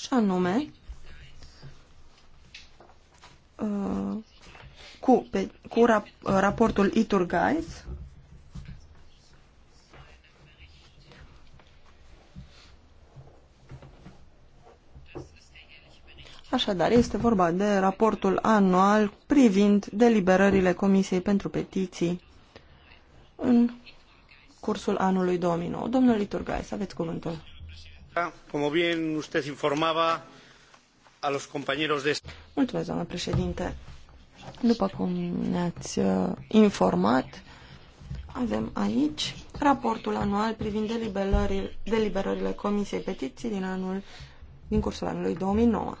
și anume uh, cu, pe, cu rap, raportul Iturgais Așadar, este vorba de raportul anual privind deliberările Comisiei pentru Petiții în cursul anului 2009. Domnul Liturgai, să aveți cuvântul. Como bien usted informaba a los compañeros de... Mulțumesc, doamnă președinte. După cum ne-ați uh, informat, avem aici raportul anual privind deliberările, deliberările Comisiei Petiții din anul din cursul anului 2009.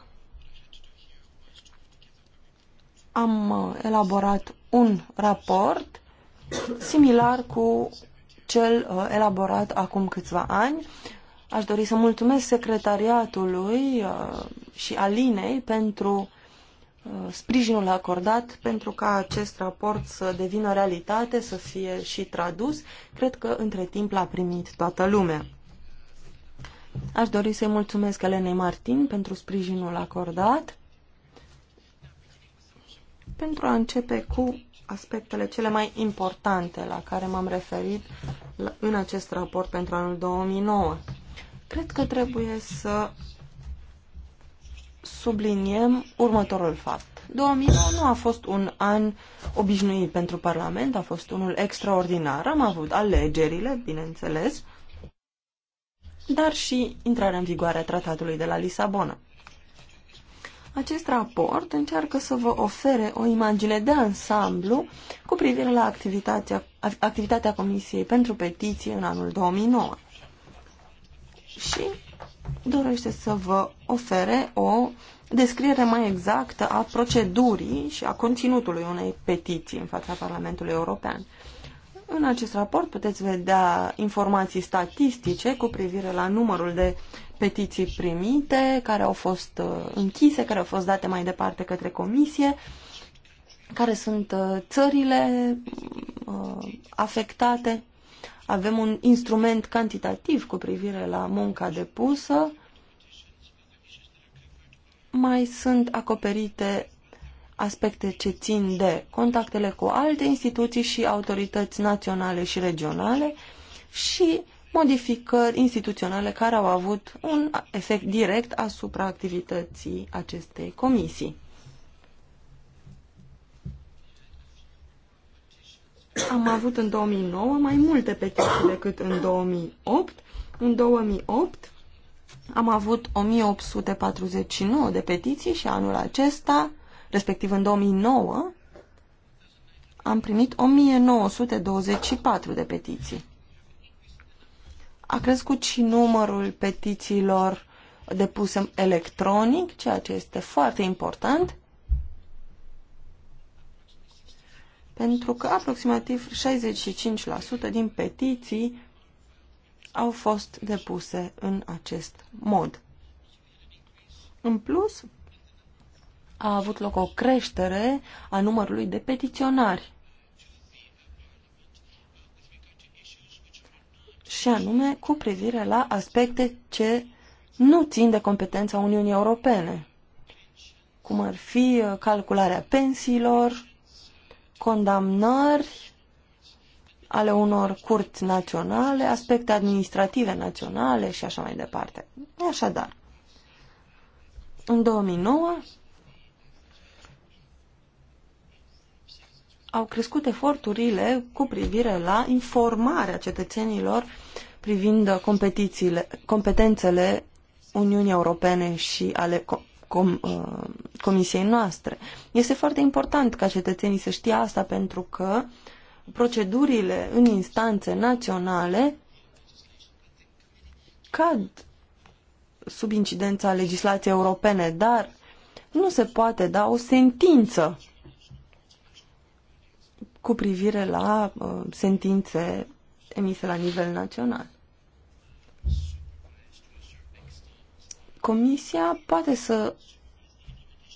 Am uh, elaborat un raport similar cu cel uh, elaborat acum câțiva ani Aș dori să mulțumesc secretariatului uh, și Alinei pentru uh, sprijinul acordat pentru ca acest raport să devină realitate, să fie și tradus. Cred că între timp l-a primit toată lumea. Aș dori să-i mulțumesc Elenei Martin pentru sprijinul acordat. Pentru a începe cu aspectele cele mai importante la care m-am referit în acest raport pentru anul 2009. Cred că trebuie să subliniem următorul fapt. 2009 nu a fost un an obișnuit pentru Parlament, a fost unul extraordinar. Am avut alegerile, bineînțeles, dar și intrarea în vigoare a tratatului de la Lisabona. Acest raport încearcă să vă ofere o imagine de ansamblu cu privire la activitatea, activitatea Comisiei pentru Petiții în anul 2009 și dorește să vă ofere o descriere mai exactă a procedurii și a conținutului unei petiții în fața Parlamentului European. În acest raport puteți vedea informații statistice cu privire la numărul de petiții primite, care au fost uh, închise, care au fost date mai departe către comisie, care sunt uh, țările uh, afectate avem un instrument cantitativ cu privire la munca depusă. Mai sunt acoperite aspecte ce țin de contactele cu alte instituții și autorități naționale și regionale și modificări instituționale care au avut un efect direct asupra activității acestei comisii. Am avut în 2009 mai multe petiții decât în 2008. În 2008 am avut 1849 de petiții și anul acesta, respectiv în 2009, am primit 1924 de petiții. A crescut și numărul petițiilor depuse electronic, ceea ce este foarte important, pentru că aproximativ 65% din petiții au fost depuse în acest mod. În plus, a avut loc o creștere a numărului de petiționari. Și anume cu privire la aspecte ce nu țin de competența Uniunii Europene, cum ar fi uh, calcularea pensiilor, condamnări ale unor curți naționale, aspecte administrative naționale și așa mai departe. Așadar, în 2009 au crescut eforturile cu privire la informarea cetățenilor privind competențele Uniunii Europene și ale com, uh, comisiei noastre. Este foarte important ca cetățenii să știe asta pentru că procedurile în instanțe naționale cad sub incidența legislației europene, dar nu se poate da o sentință cu privire la uh, sentințe emise la nivel național. Comisia poate să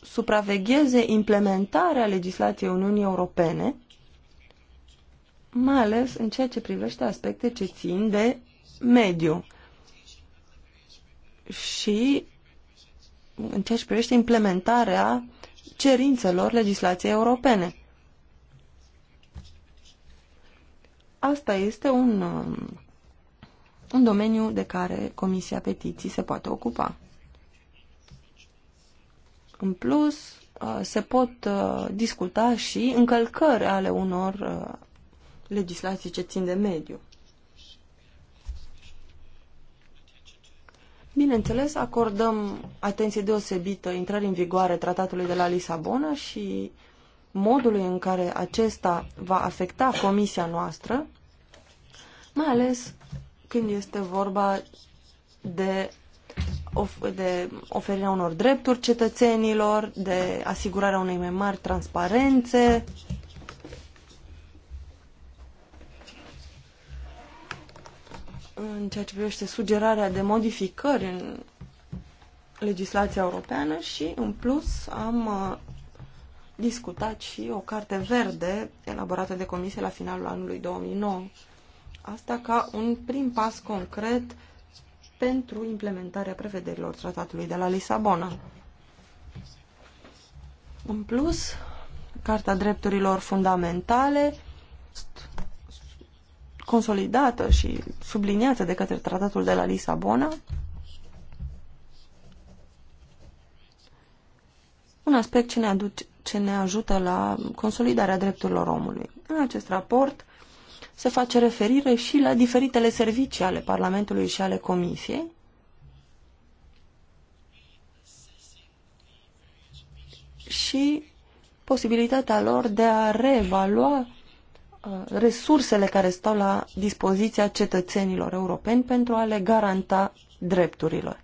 supravegheze implementarea legislației Uniunii Europene, mai ales în ceea ce privește aspecte ce țin de mediu și în ceea ce privește implementarea cerințelor legislației europene. Asta este un, um, un domeniu de care Comisia Petiții se poate ocupa. În plus, uh, se pot uh, discuta și încălcări ale unor uh, legislații ce țin de mediu. Bineînțeles, acordăm atenție deosebită intrării în vigoare tratatului de la Lisabona și modului în care acesta va afecta comisia noastră, mai ales când este vorba de of- de oferirea unor drepturi cetățenilor, de asigurarea unei mai mari transparențe. în ceea ce privește sugerarea de modificări în legislația europeană și, în plus, am uh, discutat și o carte verde elaborată de comisie la finalul anului 2009. Asta ca un prim pas concret uh, pentru implementarea prevederilor tratatului de la Lisabona. În plus, Carta Drepturilor Fundamentale, consolidată și subliniată de către tratatul de la Lisabona, un aspect ce ne, aduce, ce ne ajută la consolidarea drepturilor omului. În acest raport se face referire și la diferitele servicii ale Parlamentului și ale Comisiei. Și posibilitatea lor de a reevalua uh, resursele care stau la dispoziția cetățenilor europeni pentru a le garanta drepturile.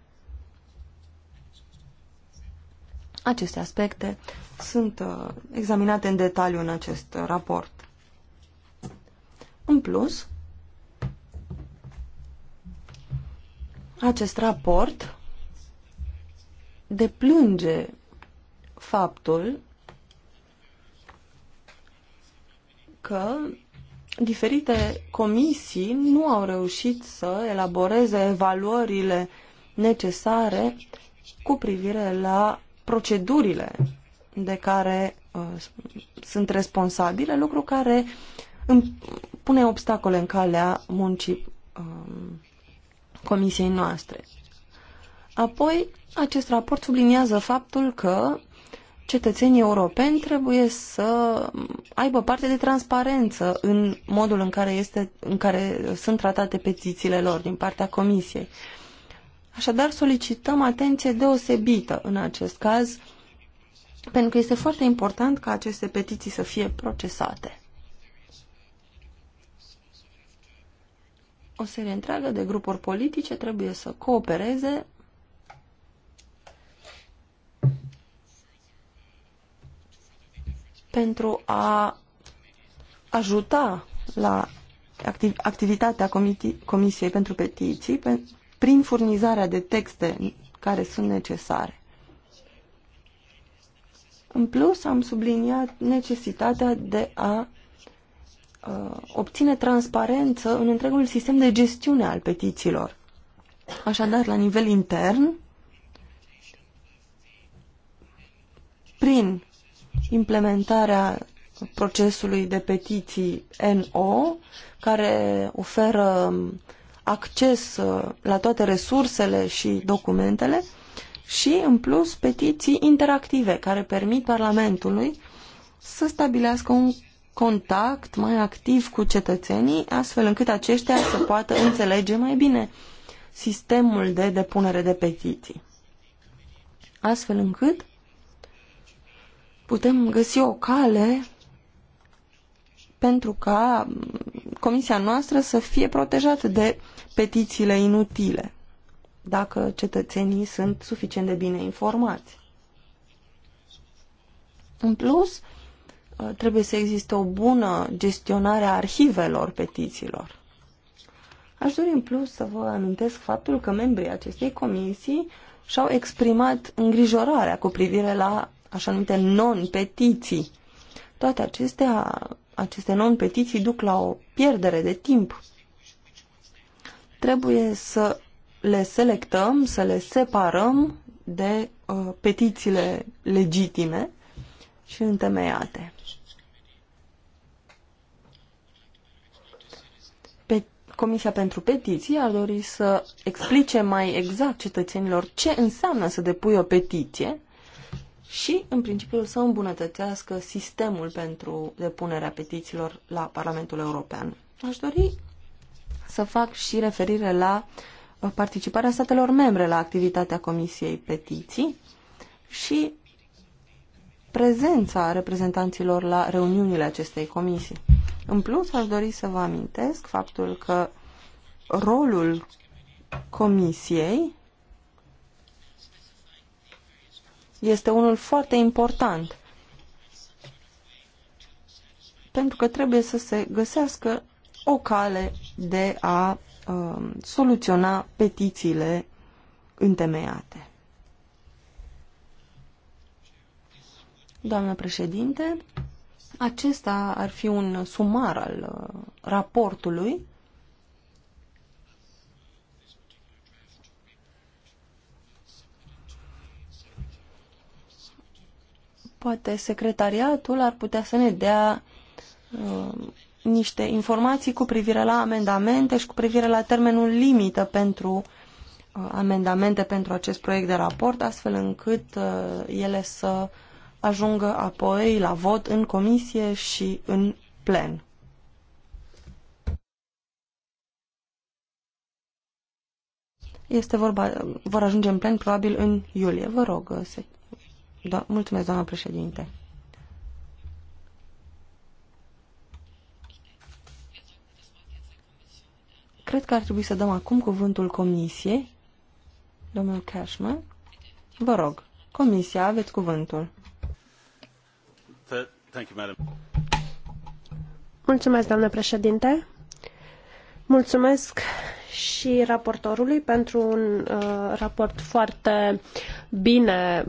Aceste aspecte sunt uh, examinate în detaliu în acest raport. În plus, acest raport deplânge faptul că diferite comisii nu au reușit să elaboreze evaluările necesare cu privire la procedurile de care uh, sunt responsabile, lucru care pune obstacole în calea muncii um, comisiei noastre. Apoi, acest raport subliniază faptul că cetățenii europeni trebuie să aibă parte de transparență în modul în care, este, în care sunt tratate petițiile lor din partea Comisiei. Așadar, solicităm atenție deosebită în acest caz, pentru că este foarte important ca aceste petiții să fie procesate. o serie întreagă de grupuri politice trebuie să coopereze pentru a ajuta la activ activitatea Comisiei pentru Petiții pe prin furnizarea de texte care sunt necesare. În plus, am subliniat necesitatea de a Uh, obține transparență în întregul sistem de gestiune al petițiilor. Așadar, la nivel intern, prin implementarea procesului de petiții NO, care oferă acces uh, la toate resursele și documentele, și, în plus, petiții interactive, care permit Parlamentului să stabilească un contact mai activ cu cetățenii, astfel încât aceștia să poată înțelege mai bine sistemul de depunere de petiții. Astfel încât putem găsi o cale pentru ca comisia noastră să fie protejată de petițiile inutile, dacă cetățenii sunt suficient de bine informați. În plus, Uh, trebuie să existe o bună gestionare a arhivelor petițiilor. Aș dori în plus să vă amintesc faptul că membrii acestei comisii și-au exprimat îngrijorarea cu privire la așa numite non-petiții. Toate acestea, aceste non-petiții duc la o pierdere de timp. Trebuie să le selectăm, să le separăm de uh, petițiile legitime și întemeiate. Comisia pentru Petiții ar dori să explice mai exact cetățenilor ce înseamnă să depui o petiție și, în principiu, să îmbunătățească sistemul pentru depunerea petițiilor la Parlamentul European. Aș dori să fac și referire la participarea statelor membre la activitatea Comisiei Petiții și prezența reprezentanților la reuniunile acestei comisii. În plus, aș dori să vă amintesc faptul că rolul comisiei este unul foarte important pentru că trebuie să se găsească o cale de a uh, soluționa petițiile întemeiate. Doamnă președinte, acesta ar fi un sumar al uh, raportului. Poate secretariatul ar putea să ne dea uh, niște informații cu privire la amendamente și cu privire la termenul limită pentru uh, amendamente pentru acest proiect de raport, astfel încât ele să uh, ajungă apoi la vot în comisie și în plen. Este vorba, vor ajunge în plen probabil în iulie. Vă rog, se... Do mulțumesc, doamna președinte. Cred că ar trebui să dăm acum cuvântul comisiei. Domnul Cashman, vă rog, comisia, aveți cuvântul. Thank you, madam. Mulțumesc, doamnă președinte. Mulțumesc și raportorului pentru un uh, raport foarte bine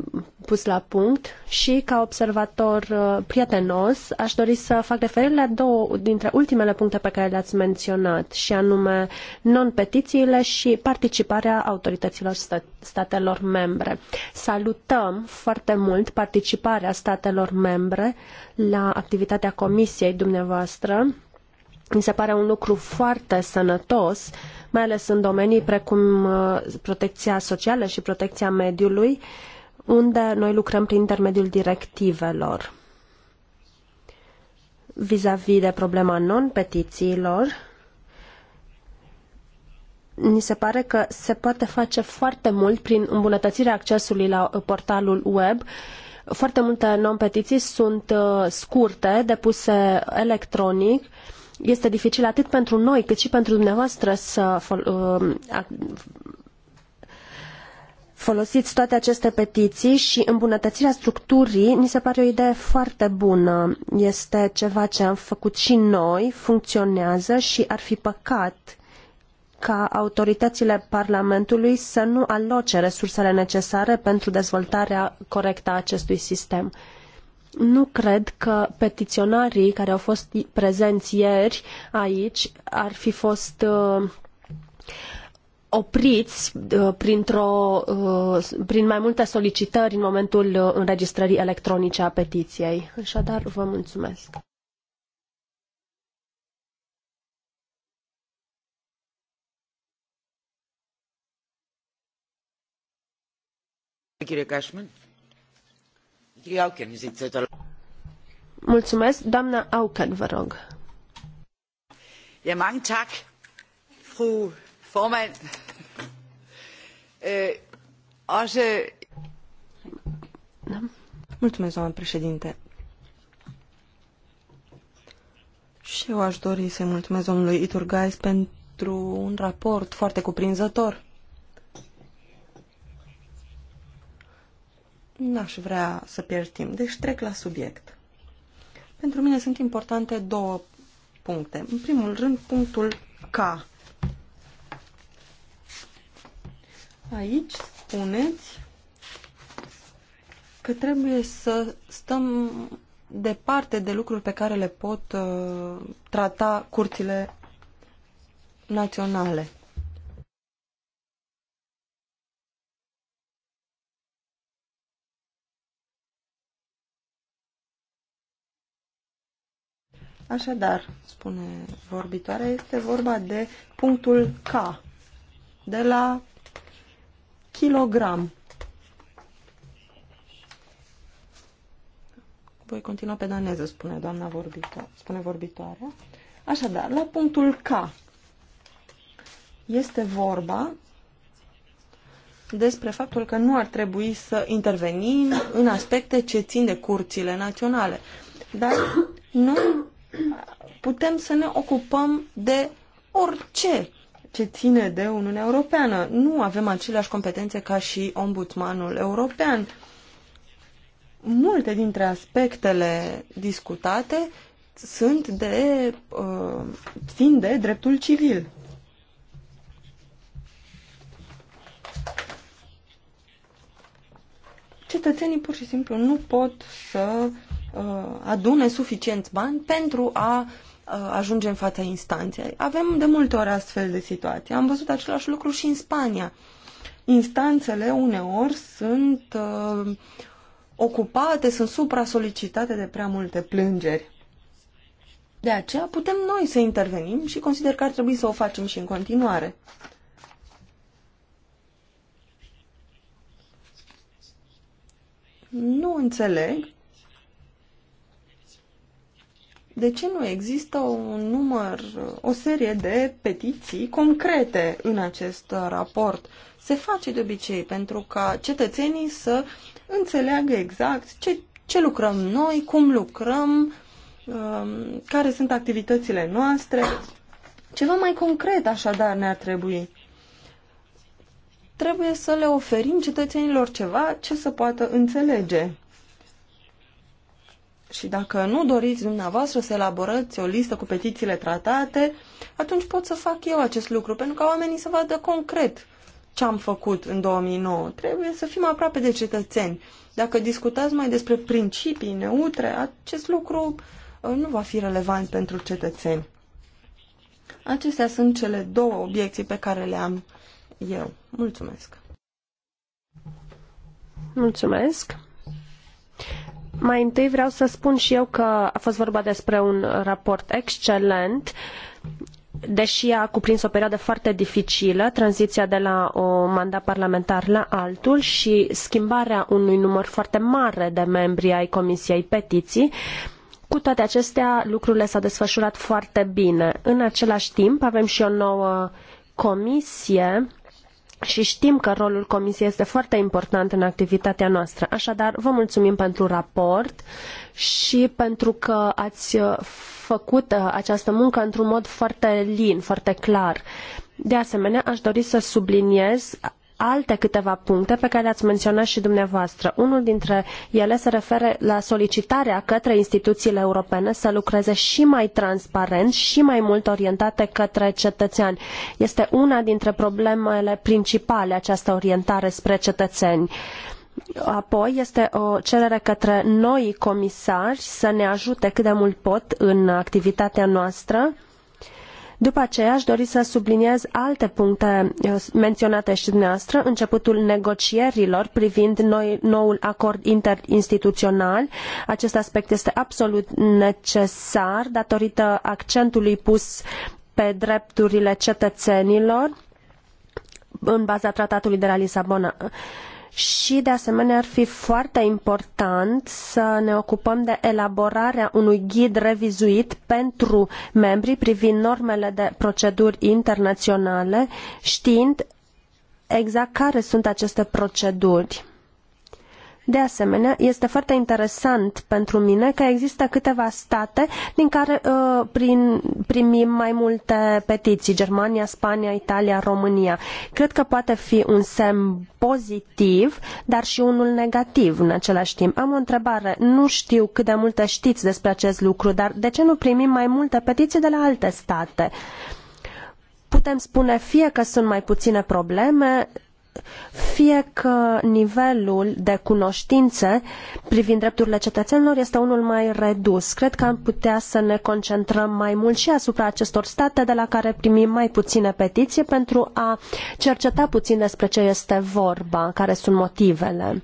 pus la punct și ca observator uh, prietenos aș dori să fac referire la două dintre ultimele puncte pe care le-ați menționat și anume non-petițiile și participarea autorităților statelor membre. Salutăm foarte mult participarea statelor membre la activitatea comisiei dumneavoastră mi se pare un lucru foarte sănătos uh, mai ales în domenii precum uh, protecția socială și protecția mediului, unde noi lucrăm prin intermediul directivelor. Vis-a-vis -vis de problema non-petițiilor, ni se pare că se poate face foarte mult prin îmbunătățirea accesului la uh, portalul web. Foarte multe non-petiții sunt uh, scurte, depuse electronic, uh, este dificil atât pentru noi cât și pentru dumneavoastră să um, folosiți toate aceste petiții și îmbunătățirea structurii ni se pare o idee foarte bună. Este ceva ce am făcut și noi, funcționează și ar fi păcat ca autoritățile Parlamentului să nu aloce resursele necesare pentru dezvoltarea corectă a acestui sistem nu cred că petiționarii care au fost prezenți ieri aici ar fi fost uh, opriți uh, printr-o, uh, prin mai multe solicitări în momentul uh, înregistrării electronice a petiției. Așadar, vă mulțumesc. Κύριε Mulțumesc. Doamna Auken, vă rog. Ja, mange tak, fru formand. Eh, også... Da. Mulțumesc, doamna președinte. Și eu aș dori să-i mulțumesc domnului Iturgais pentru un raport foarte cuprinzător. N-aș vrea să pierd timp, deci trec la subiect. Pentru mine sunt importante două puncte. În primul rând, punctul K. Aici spuneți că trebuie să stăm departe de lucruri pe care le pot uh, trata curțile naționale. Așadar, spune vorbitoarea, este vorba de punctul K, de la kilogram. Voi continua pe daneză, spune doamna vorbitoare, spune vorbitoarea. Așadar, la punctul K este vorba despre faptul că nu ar trebui să intervenim în aspecte ce țin de curțile naționale. Dar nu putem să ne ocupăm de orice ce ține de Uniunea Europeană. Nu avem aceleași competențe ca și ombudsmanul european. Multe dintre aspectele discutate sunt de, uh, țin de dreptul civil. Cetățenii pur și simplu nu pot să Uh, adune suficient bani pentru a uh, ajunge în fața instanței. Avem de multe ori astfel de situații. Am văzut același lucru și în Spania. Instanțele uneori sunt uh, ocupate, sunt supra-solicitate de prea multe plângeri. De aceea putem noi să intervenim și consider că ar trebui să o facem și în continuare. Nu înțeleg de ce nu există un număr, o serie de petiții concrete în acest raport? Se face de obicei pentru ca cetățenii să înțeleagă exact ce, ce lucrăm noi, cum lucrăm, um, care sunt activitățile noastre. Ceva mai concret așadar ne-ar trebui. Trebuie să le oferim cetățenilor ceva ce să poată înțelege. Și dacă nu doriți dumneavoastră să elaborați o listă cu petițiile tratate, atunci pot să fac eu acest lucru, pentru ca oamenii să vadă concret ce am făcut în 2009. Trebuie să fim aproape de cetățeni. Dacă discutați mai despre principii neutre, acest lucru uh, nu va fi relevant pentru cetățeni. Acestea sunt cele două obiecții pe care le am eu. Mulțumesc! Mulțumesc! Mai întâi vreau să spun și eu că a fost vorba despre un raport excelent, deși a cuprins o perioadă foarte dificilă, tranziția de la un mandat parlamentar la altul și schimbarea unui număr foarte mare de membri ai Comisiei Petiții, cu toate acestea, lucrurile s-au desfășurat foarte bine. În același timp, avem și o nouă comisie și știm că rolul Comisiei este foarte important în activitatea noastră. Așadar, vă mulțumim pentru raport și pentru că ați uh, făcut uh, această muncă într-un mod foarte lin, foarte clar. De asemenea, aș dori să subliniez alte câteva puncte pe care le-ați menționat și dumneavoastră. Unul dintre ele se referă la solicitarea către instituțiile europene să lucreze și mai transparent și mai mult orientate către cetățeni Este una dintre problemele principale această orientare spre cetățeni. Apoi este o cerere către noi comisari să ne ajute cât de mult pot în activitatea noastră după aceea, aș dori să subliniez alte puncte eh, menționate și dumneavoastră, începutul negocierilor privind noi, noul acord interinstituțional. Acest aspect este absolut necesar datorită accentului pus pe drepturile cetățenilor în baza tratatului de la Lisabona. Uh, și, de asemenea, ar fi foarte important să ne ocupăm de elaborarea unui ghid revizuit pentru membri privind normele de proceduri internaționale, știind exact care sunt aceste proceduri. De asemenea, este foarte interesant pentru mine că există câteva state din care uh, prin, primim mai multe petiții, Germania, Spania, Italia, România. Cred că poate fi un semn pozitiv, dar și unul negativ în același timp. Am o întrebare. Nu știu cât de multe știți despre acest lucru, dar de ce nu primim mai multe petiții de la alte state? Putem spune fie că sunt mai puține probleme fie că nivelul de cunoștințe privind drepturile cetățenilor este unul mai redus. Cred că am putea să ne concentrăm mai mult și asupra acestor state de la care primim mai puține petiții pentru a cerceta puțin despre ce este vorba, care sunt motivele.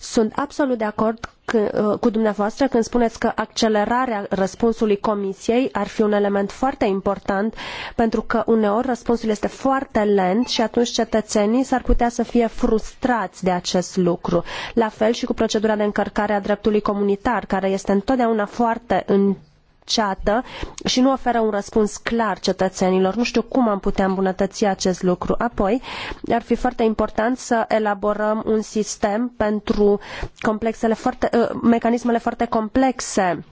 Sunt absolut de acord uh, cu dumneavoastră când spuneți că accelerarea răspunsului Comisiei ar fi un element foarte important, pentru că uneori răspunsul este foarte lent și atunci cetățenii s-ar putea să fie frustrați de acest lucru. La fel și cu procedura de încărcare a dreptului comunitar, care este întotdeauna foarte închisă ceată și nu oferă un răspuns clar cetățenilor. Nu știu cum am putea îmbunătăți acest lucru. Apoi, ar fi foarte important să elaborăm un sistem pentru complexele foarte, uh, mecanismele foarte complexe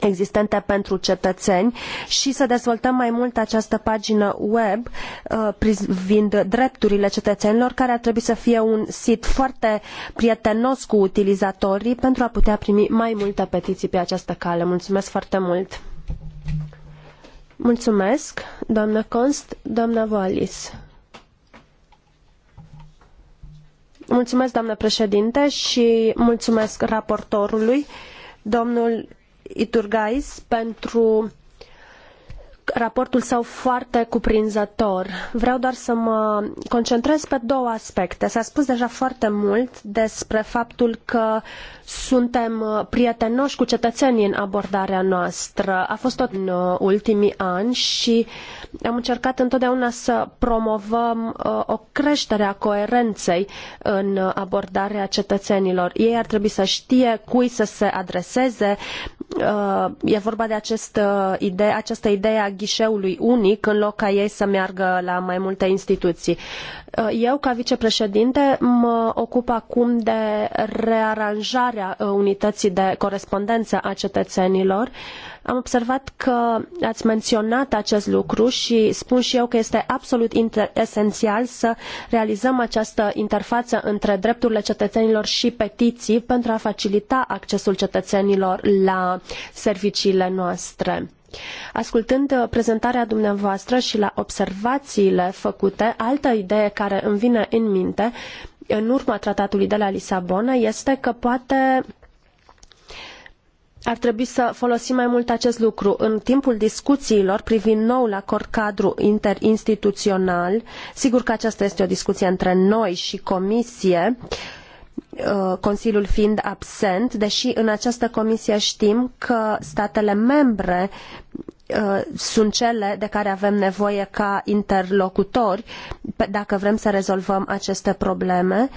existente pentru cetățeni și să dezvoltăm mai mult această pagină web uh, privind drepturile cetățenilor, care ar trebui să fie un sit foarte prietenos cu utilizatorii pentru a putea primi mai multe petiții pe această cale. Mulțumesc foarte mult! Mulțumesc, doamnă Const, doamna Wallis. Mulțumesc, doamnă președinte, și mulțumesc raportorului, domnul Iturgais pentru raportul său foarte cuprinzător. Vreau doar să mă concentrez pe două aspecte. S-a spus deja foarte mult despre faptul că uh, suntem uh, prietenoși cu cetățenii în abordarea noastră. A fost tot în uh, ultimii ani și am încercat întotdeauna să promovăm uh, o creștere a coerenței în abordarea cetățenilor. Ei ar trebui să știe cui să se adreseze. E vorba de această idee, această idee a ghișeului unic în loc ca ei să meargă la mai multe instituții. Eu, ca vicepreședinte, mă ocup acum de rearanjarea crearea uh, unității de corespondență a cetățenilor. Am observat că ați menționat acest lucru și spun și eu că este absolut esențial să realizăm această interfață între drepturile cetățenilor și petiții pentru a facilita accesul cetățenilor la serviciile noastre. Ascultând uh, prezentarea dumneavoastră și la observațiile făcute, altă idee care îmi vine în minte în urma tratatului de la Lisabona este că poate ar trebui să folosim mai mult acest lucru. În timpul discuțiilor privind noul acord cadru interinstituțional, sigur că aceasta este o discuție între noi și Comisie, uh, Consiliul fiind absent, deși în această comisie știm că statele membre Uh, sunt cele de care avem nevoie ca interlocutori dacă vrem să rezolvăm aceste probleme uh,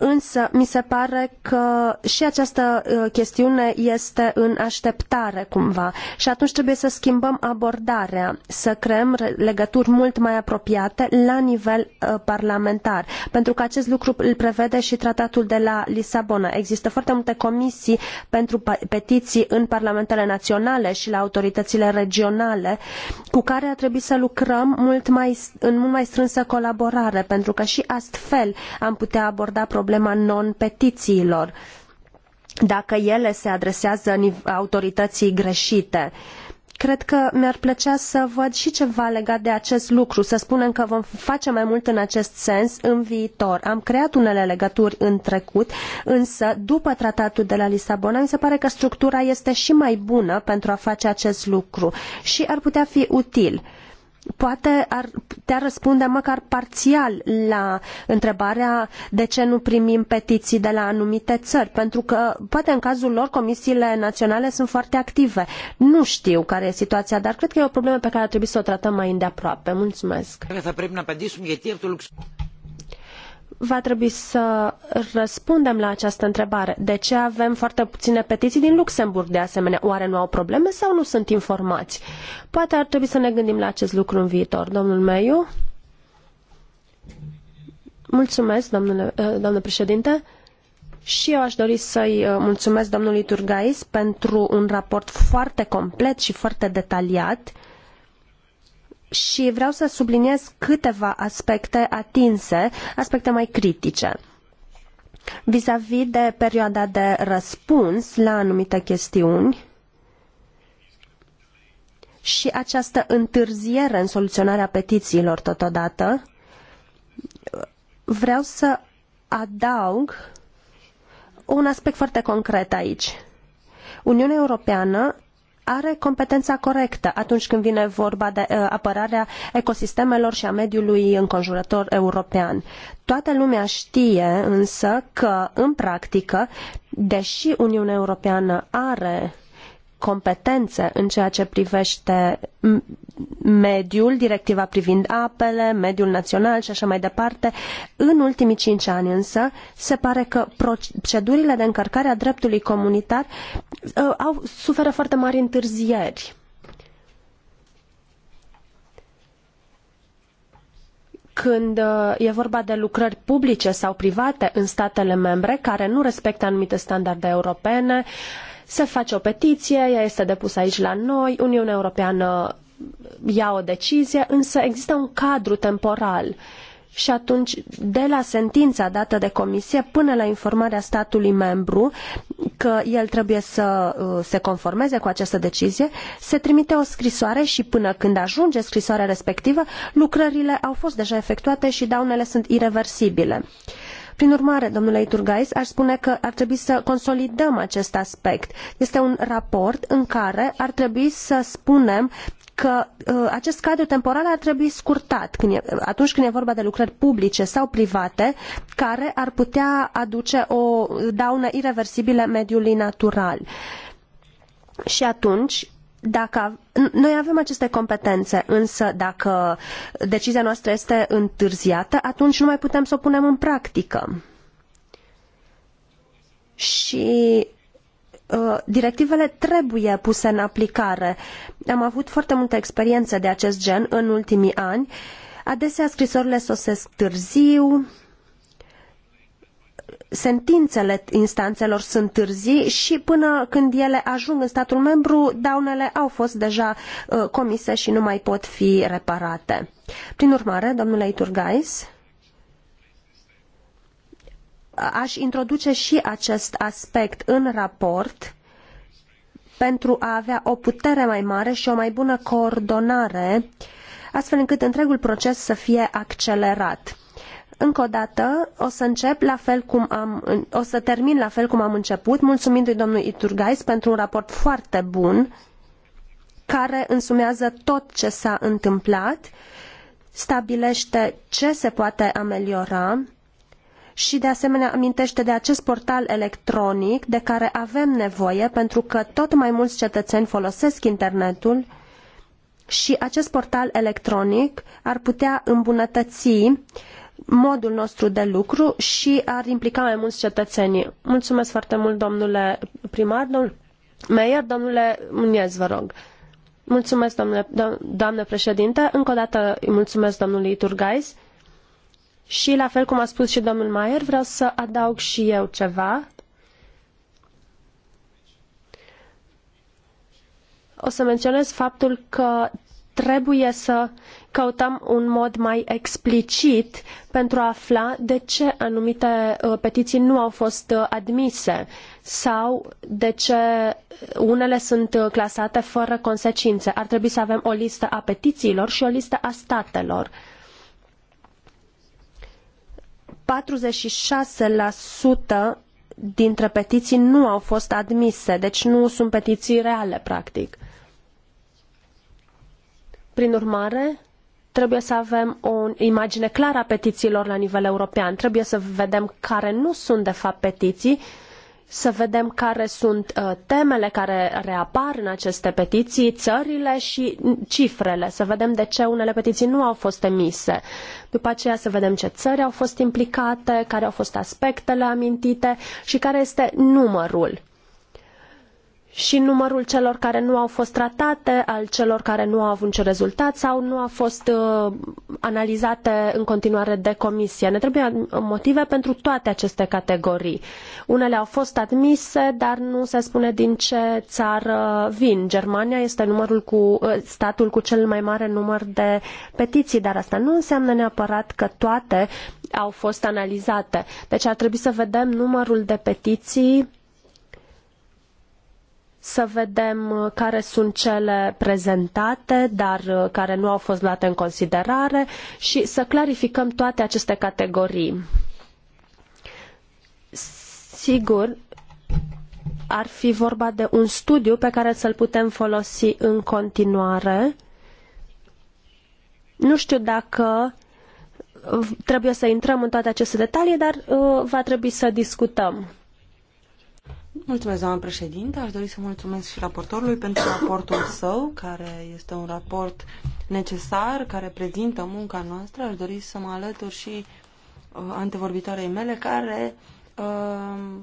însă mi se pare că și această ă, chestiune este în așteptare cumva și atunci trebuie să schimbăm abordarea, să creăm legături mult mai apropiate la nivel ă, parlamentar, pentru că acest lucru îl prevede și tratatul de la Lisabona. Există foarte multe comisii pentru petiții în parlamentele naționale și la autoritățile regionale cu care ar trebui să lucrăm mult mai, în mult mai strânsă colaborare, pentru că și astfel am putea aborda problemele problema non-petițiilor, dacă ele se adresează autorității greșite. Cred că mi-ar plăcea să văd și ceva legat de acest lucru, să spunem că vom face mai mult în acest sens în viitor. Am creat unele legături în trecut, însă după tratatul de la Lisabona mi se pare că structura este și mai bună pentru a face acest lucru și ar putea fi util. Poate ar putea răspunde măcar parțial la întrebarea de ce nu primim petiții de la anumite țări, pentru că poate în cazul lor comisiile naționale sunt foarte active. Nu știu care e situația, dar cred că e o problemă pe care ar trebui să o tratăm mai îndeaproape. Mulțumesc! va trebui să răspundem la această întrebare. De ce avem foarte puține petiții din Luxemburg de asemenea? Oare nu au probleme sau nu sunt informați? Poate ar trebui să ne gândim la acest lucru în viitor. Domnul Meiu? Mulțumesc, domnule, eh, domnule președinte. Și eu aș dori să-i eh, mulțumesc domnului Turgais pentru un raport foarte complet și foarte detaliat și vreau să subliniez câteva aspecte atinse, aspecte mai critice. Vis-a-vis de perioada de răspuns la anumite chestiuni și această întârziere în soluționarea petițiilor totodată, vreau să adaug un aspect foarte concret aici. Uniunea Europeană are competența corectă atunci când vine vorba de uh, apărarea ecosistemelor și a mediului înconjurător european. Toată lumea știe însă că, în practică, deși Uniunea Europeană are competențe în ceea ce privește mediul, directiva privind apele, mediul național și așa mai departe. În ultimii cinci ani însă se pare că procedurile de încărcare a dreptului comunitar uh, au, suferă foarte mari întârzieri. când uh, e vorba de lucrări publice sau private în statele membre care nu respectă anumite standarde europene, se face o petiție, ea este depusă aici la noi, Uniunea Europeană ia o decizie, însă există un cadru temporal și atunci, de la sentința dată de comisie până la informarea statului membru că el trebuie să uh, se conformeze cu această decizie, se trimite o scrisoare și până când ajunge scrisoarea respectivă, lucrările au fost deja efectuate și daunele sunt irreversibile. Prin urmare, domnule Iturgais, aș spune că ar trebui să consolidăm acest aspect. Este un raport în care ar trebui să spunem că uh, acest cadru temporar ar trebui scurtat atunci când e vorba de lucrări publice sau private care ar putea aduce o daună irreversibilă mediului natural. Și atunci, dacă noi avem aceste competențe, însă dacă decizia noastră este întârziată, atunci nu mai putem să o punem în practică. Și Uh, directivele trebuie puse în aplicare. Am avut foarte multă experiență de acest gen în ultimii ani. Adesea scrisorile sosesc târziu, sentințele instanțelor sunt târzii și până când ele ajung în statul membru, daunele au fost deja uh, comise și nu mai pot fi reparate. Prin urmare, domnule Iturgais, aș introduce și acest aspect în raport pentru a avea o putere mai mare și o mai bună coordonare, astfel încât întregul proces să fie accelerat. Încă o dată, o să încep la fel cum am, o să termin la fel cum am început, mulțumindu-i domnului Iturgais pentru un raport foarte bun, care însumează tot ce s-a întâmplat, stabilește ce se poate ameliora, și de asemenea amintește de acest portal electronic de care avem nevoie pentru că tot mai mulți cetățeni folosesc internetul și acest portal electronic ar putea îmbunătăți modul nostru de lucru și ar implica mai mulți cetățenii. Mulțumesc foarte mult, domnule primar, domnul Meier, domnule Muniez, vă rog. Mulțumesc, domnule, do- doamnă președinte. Încă o dată îi mulțumesc domnului Turgais. Și la fel cum a spus și domnul Maier, vreau să adaug și eu ceva. O să menționez faptul că trebuie să căutăm un mod mai explicit pentru a afla de ce anumite uh, petiții nu au fost uh, admise sau de ce unele sunt uh, clasate fără consecințe. Ar trebui să avem o listă a petițiilor și o listă a statelor. Uh, 46% dintre petiții nu au fost admise, deci nu sunt petiții reale, practic. Prin urmare, trebuie să avem o imagine clară a petițiilor la nivel european. Trebuie să vedem care nu sunt, de fapt, petiții, să vedem care sunt uh, temele care reapar în aceste petiții, țările și cifrele, să vedem de ce unele petiții nu au fost emise. După aceea să vedem ce țări au fost implicate, care au fost aspectele amintite și care este numărul și numărul celor care nu au fost tratate, al celor care nu au avut niciun rezultat sau nu au fost uh, analizate în continuare de comisie. Ne trebuie motive pentru toate aceste categorii. Unele au fost admise, dar nu se spune din ce țară vin. Germania este numărul cu, uh, statul cu cel mai mare număr de petiții, dar asta nu înseamnă neapărat că toate au fost analizate. Deci ar trebui să vedem numărul de petiții să vedem uh, care sunt cele prezentate, dar uh, care nu au fost luate în considerare și să clarificăm toate aceste categorii. Sigur, ar fi vorba de un studiu pe care să-l putem folosi în continuare. Nu știu dacă uh, trebuie să intrăm în toate aceste detalii, dar va trebui să discutăm Mulțumesc, doamnă președinte. Aș dori să mulțumesc și raportorului pentru raportul său, care este un raport necesar, care prezintă munca noastră. Aș dori să mă alătur și uh, antevorbitoarei mele, care uh,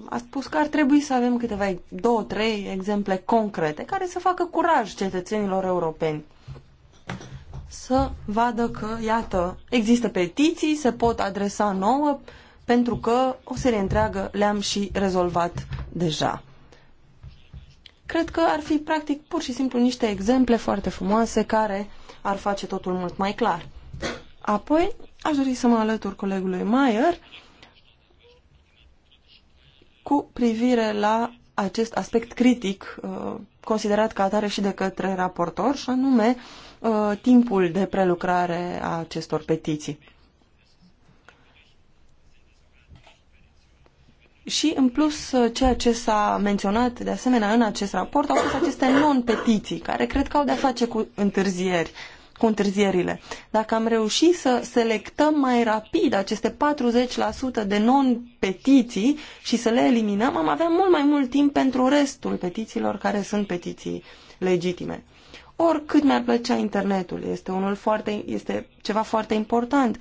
a spus că ar trebui să avem câteva, două, trei exemple concrete care să facă curaj cetățenilor europeni să vadă că, iată, există petiții, se pot adresa nouă, uh, pentru că o serie întreagă le-am și rezolvat deja. Cred că ar fi practic pur și simplu niște exemple foarte frumoase care ar face totul mult mai clar. Apoi aș dori să mă alătur colegului Mayer cu privire la acest aspect critic uh, considerat ca atare și de către raportor, și anume uh, timpul de prelucrare a acestor petiții. Și, în plus, ceea ce s-a menționat de asemenea în acest raport au fost aceste non-petiții, care cred că au de-a face cu întârzieri, cu întârzierile. Dacă am reușit să selectăm mai rapid aceste 40% de non-petiții și să le eliminăm, am avea mult mai mult timp pentru restul petițiilor care sunt petiții legitime. Oricât mi-ar plăcea internetul, este, unul foarte, este ceva foarte important.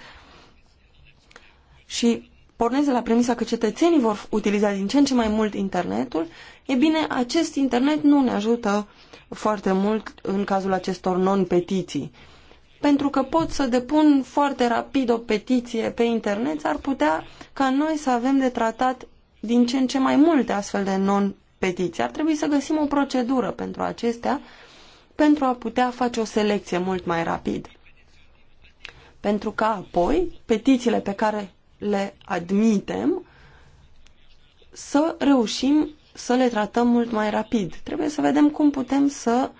Și pornesc de la premisa că cetățenii vor utiliza din ce în ce mai mult internetul, e bine, acest internet nu ne ajută foarte mult în cazul acestor non-petiții. Pentru că pot să depun foarte rapid o petiție pe internet, ar putea ca noi să avem de tratat din ce în ce mai multe astfel de non-petiții. Ar trebui să găsim o procedură pentru acestea, pentru a putea face o selecție mult mai rapid. Pentru că apoi petițiile pe care le admitem, să reușim să le tratăm mult mai rapid. Trebuie să vedem cum putem să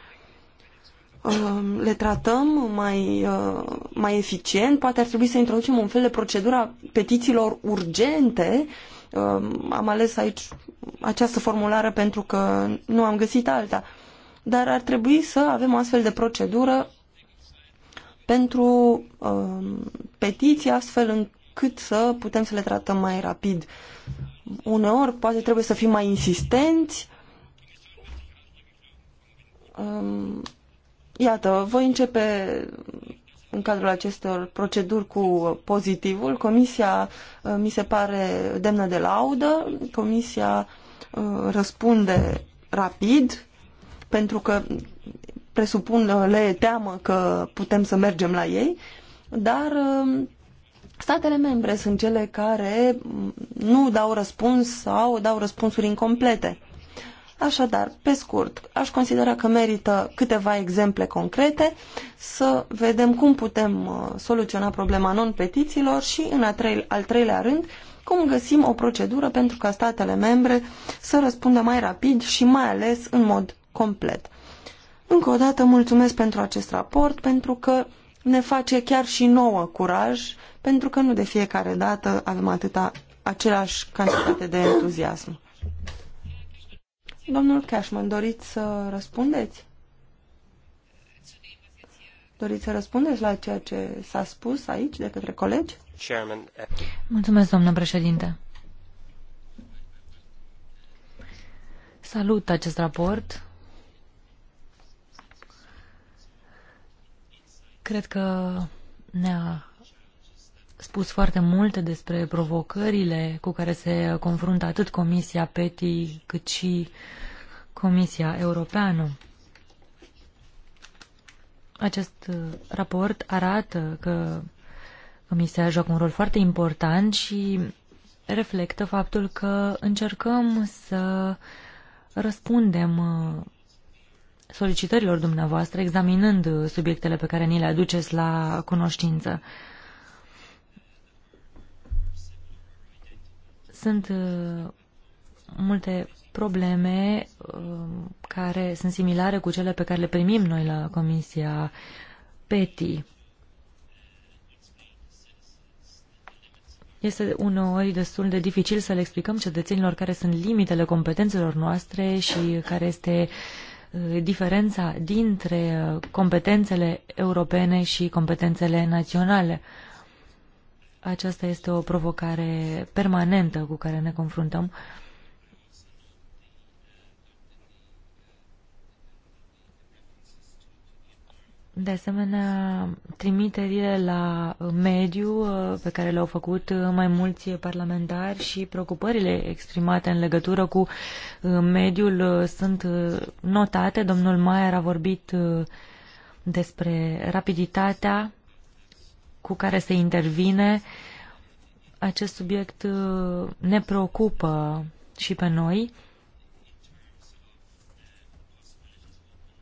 uh, le tratăm mai, uh, mai eficient. Poate ar trebui să introducem un fel de a petițiilor urgente. Uh, am ales aici această formulară pentru că nu am găsit alta. Dar ar trebui să avem astfel de procedură pentru petiții astfel cât să putem să le tratăm mai rapid. Uneori poate trebuie să fim mai insistenți. Um, iată, voi începe în cadrul acestor proceduri cu pozitivul. Comisia uh, mi se pare demnă de laudă, comisia uh, răspunde rapid, pentru că presupun uh, le teamă că putem să mergem la ei, dar um, Statele membre sunt cele care nu dau răspuns sau dau răspunsuri incomplete. Așadar, pe scurt, aș considera că merită câteva exemple concrete să vedem cum putem uh, soluționa problema non-petițiilor și, în trei, al treilea rând, cum găsim o procedură pentru ca statele membre să răspundă mai rapid și mai ales în mod complet. Încă o dată mulțumesc pentru acest raport, pentru că ne face chiar și nouă curaj pentru că nu de fiecare dată avem atâta același cantitate de entuziasm. Domnul Cashman, doriți să răspundeți? Doriți să răspundeți la ceea ce s-a spus aici de către colegi? Eh. Mulțumesc, domnule președinte. Salut acest raport. Cred că ne-a spus foarte multe despre provocările cu care se confruntă atât Comisia PETI cât și Comisia Europeană. Acest uh, raport arată că Comisia joacă un rol foarte important și reflectă faptul că încercăm să răspundem uh, solicitărilor dumneavoastră examinând subiectele pe care ni le aduceți la cunoștință. Sunt uh, multe probleme uh, care sunt similare cu cele pe care le primim noi la Comisia PETI. Este uneori destul de dificil să le explicăm cetățenilor care sunt limitele competențelor noastre și care este uh, diferența dintre competențele europene și competențele naționale. Aceasta este o provocare permanentă cu care ne confruntăm. De asemenea, trimiterile la mediu uh, pe care le-au făcut uh, mai mulți parlamentari și preocupările exprimate în legătură cu uh, mediul sunt notate. Domnul Maier a vorbit despre rapiditatea cu care se intervine. Acest subiect uh, ne preocupă și pe noi.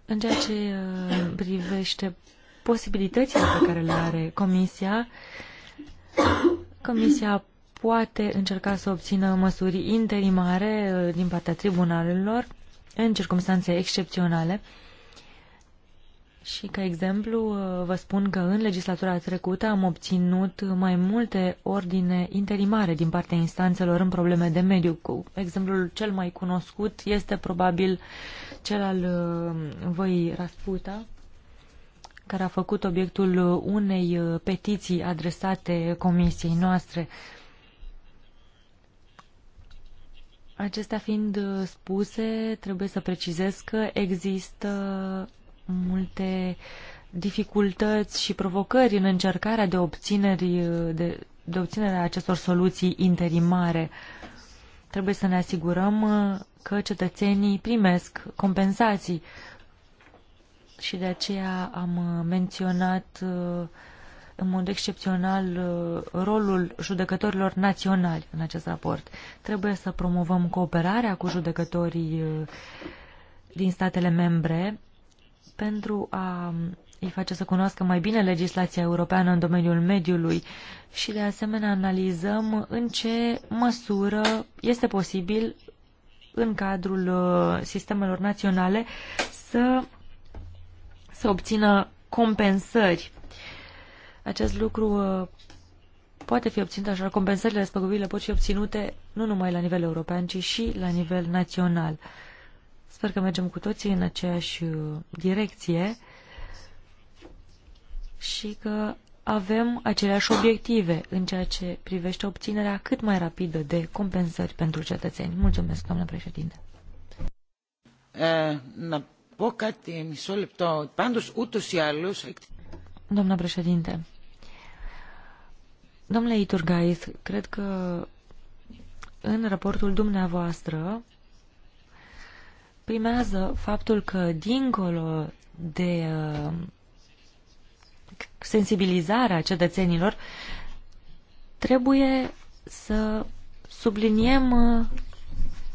În ceea ce uh, privește posibilitățile pe care le are Comisia, Comisia poate încerca să obțină măsuri interimare uh, din partea tribunalelor în circunstanțe excepționale. Și ca exemplu vă spun că în legislatura trecută am obținut mai multe ordine interimare din partea instanțelor în probleme de mediu. Cu exemplul cel mai cunoscut este probabil cel al uh, Văi Rasputa, care a făcut obiectul unei uh, petiții adresate comisiei noastre. Acestea fiind uh, spuse, trebuie să precizez că există multe dificultăți și provocări în încercarea de, obținere de, de obținerea acestor soluții interimare. Trebuie să ne asigurăm că cetățenii primesc compensații și de aceea am menționat în mod excepțional rolul judecătorilor naționali în acest raport. Trebuie să promovăm cooperarea cu judecătorii eh, din statele membre pentru a îi face să cunoască mai bine legislația europeană în domeniul mediului și de asemenea analizăm în ce măsură este posibil în cadrul uh, sistemelor naționale să să obțină compensări. Acest lucru uh, poate fi obținut așa, compensările despăgubirile pot fi obținute nu numai la nivel european, ci și la nivel național. Sper că mergem cu toții în aceeași uh, direcție și că avem aceleași obiective în ceea ce privește obținerea cât mai rapidă de compensări pentru cetățeni. Mulțumesc, doamnă președinte. Doamna președinte, domnule Iturgais, cred că în raportul dumneavoastră primează faptul că, dincolo de uh, sensibilizarea cetățenilor, trebuie să subliniem uh,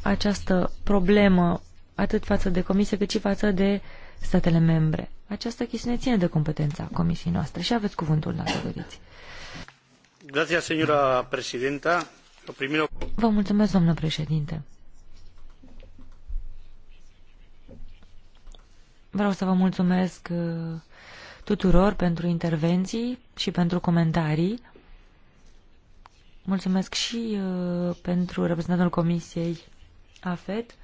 această problemă atât față de comisie cât și față de statele membre. Această chestiune ține de competența comisiei noastre și aveți cuvântul la doriți. Vă mulțumesc, domnule președinte. Vreau să vă mulțumesc uh, tuturor pentru intervenții și pentru comentarii. Mulțumesc și uh, pentru reprezentantul Comisiei AFET,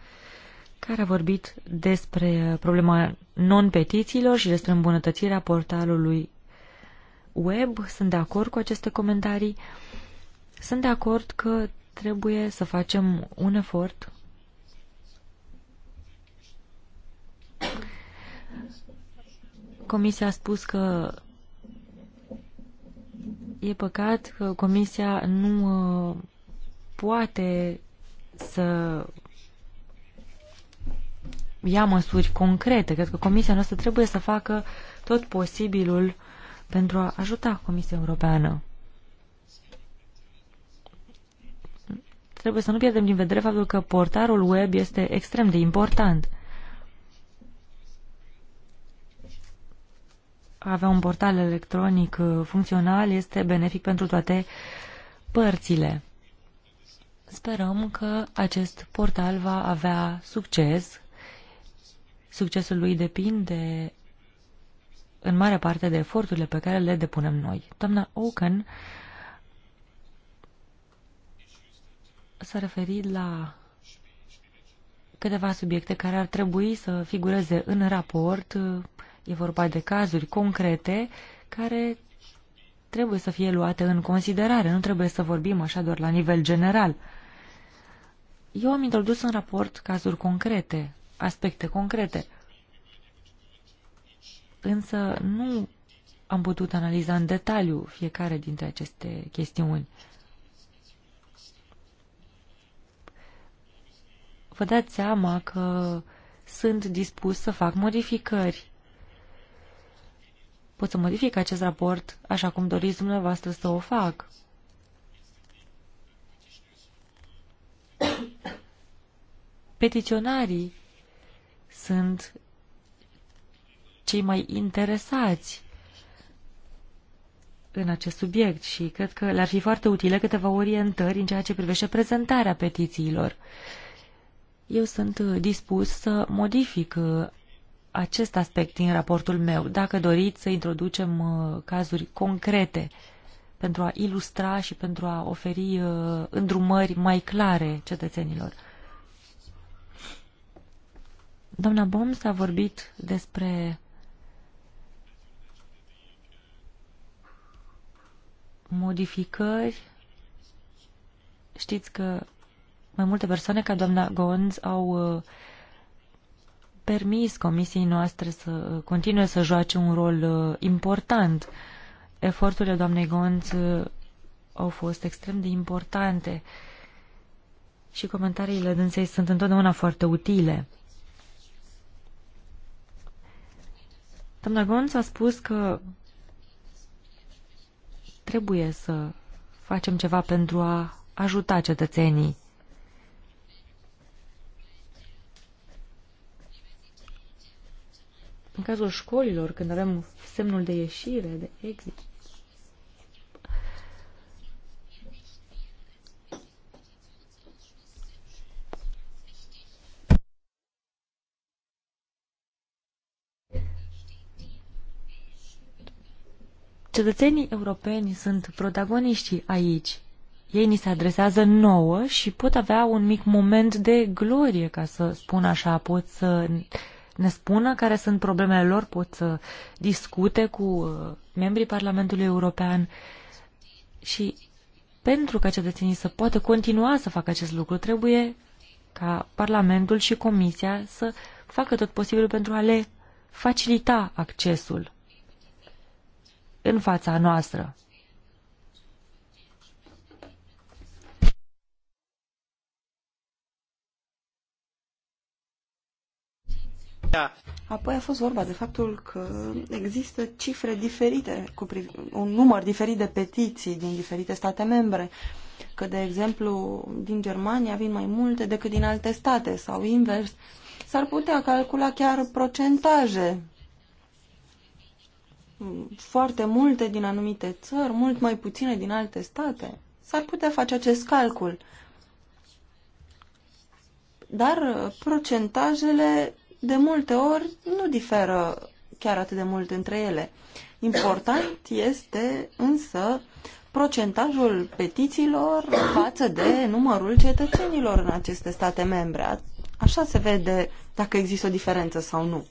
care a vorbit despre uh, problema non-petițiilor și despre îmbunătățirea portalului web. Sunt de acord cu aceste comentarii. Sunt de acord că trebuie să facem un efort Comisia a spus că e păcat că Comisia nu uh, poate să ia măsuri concrete. Cred că Comisia noastră trebuie să facă tot posibilul pentru a ajuta Comisia Europeană. Trebuie să nu pierdem din vedere faptul că portarul web este extrem de important. avea un portal electronic uh, funcțional este benefic pentru toate părțile. Sperăm că acest portal va avea succes. Succesul lui depinde în mare parte de eforturile pe care le depunem noi. Doamna Oaken s-a referit la câteva subiecte care ar trebui să figureze în raport uh, E vorba de cazuri concrete care trebuie să fie luate în considerare, nu trebuie să vorbim așa doar la nivel general. Eu am introdus în raport cazuri concrete, aspecte concrete, însă nu am putut analiza în detaliu fiecare dintre aceste chestiuni. Vă dați seama că sunt dispus să fac modificări pot să modific acest raport așa cum doriți dumneavoastră să o fac. Petiționarii sunt cei mai interesați în acest subiect și cred că le-ar fi foarte utile câteva orientări în ceea ce privește prezentarea petițiilor. Eu sunt dispus să modific acest aspect din raportul meu. Dacă doriți să introducem uh, cazuri concrete pentru a ilustra și pentru a oferi uh, îndrumări mai clare cetățenilor. Doamna Boms a vorbit despre modificări. Știți că mai multe persoane ca doamna Gonz au uh, permis comisiei noastre să uh, continue să joace un rol uh, important. Eforturile doamnei Gonț uh, au fost extrem de importante și comentariile dânsei sunt întotdeauna foarte utile. Doamna Gonț a spus că trebuie să facem ceva pentru a ajuta cetățenii. În cazul școlilor, când avem semnul de ieșire, de exit, Cetățenii europeni sunt protagoniștii aici. Ei ni se adresează nouă și pot avea un mic moment de glorie, ca să spun așa, pot să ne spună care sunt problemele lor, pot să discute cu uh, membrii Parlamentului European și pentru ca cetățenii să poată continua să facă acest lucru, trebuie ca Parlamentul și Comisia să facă tot posibilul pentru a le facilita accesul în fața noastră. Apoi a fost vorba de faptul că există cifre diferite, cu un număr diferit de petiții din diferite state membre. Că, de exemplu, din Germania vin mai multe decât din alte state sau invers. S-ar putea calcula chiar procentaje. Foarte multe din anumite țări, mult mai puține din alte state. S-ar putea face acest calcul dar procentajele de multe ori nu diferă chiar atât de mult între ele. Important este însă procentajul petițiilor față de numărul cetățenilor în aceste state membre. Așa se vede dacă există o diferență sau nu.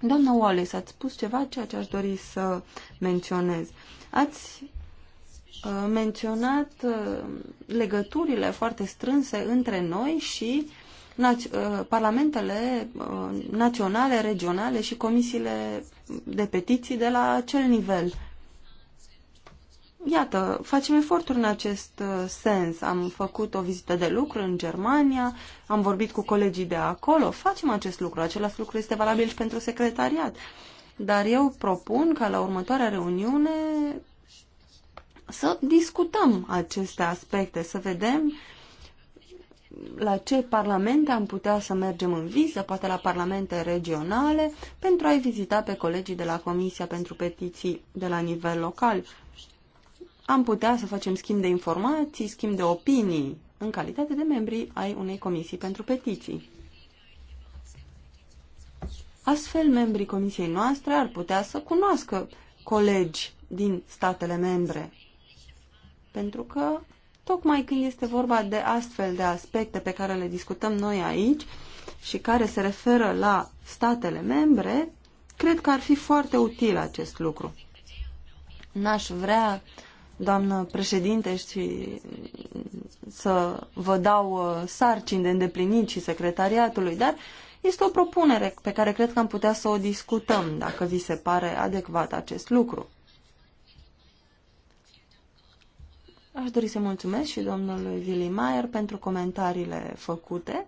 Doamna Wallace, ați spus ceva ceea ce aș dori să menționez. Ați uh, menționat uh, legăturile foarte strânse între noi și Uh, parlamentele uh, naționale, regionale și comisiile de petiții de la acel nivel. Iată, facem eforturi în acest uh, sens. Am făcut o vizită de lucru în Germania, am vorbit cu colegii de acolo, facem acest lucru. Același lucru este valabil și pentru secretariat. Dar eu propun ca la următoarea reuniune să discutăm aceste aspecte, să vedem uh, la ce parlamente am putea să mergem în viză, poate la parlamente regionale, pentru a-i vizita pe colegii de la Comisia pentru Petiții de la nivel local. Am putea să facem schimb de informații, schimb de opinii, în calitate de membri ai unei comisii pentru petiții. Astfel, membrii comisiei noastre ar putea să cunoască colegi din statele membre, pentru că tocmai când este vorba de astfel de aspecte pe care le discutăm noi aici și care se referă la statele membre, cred că ar fi foarte util acest lucru. N-aș vrea, doamnă președinte, și să vă dau uh, sarcini de îndeplinit și secretariatului, dar este o propunere pe care cred că am putea să o discutăm, dacă vi se pare adecvat acest lucru. Aș dori să mulțumesc și domnului Willy Mayer pentru comentariile făcute.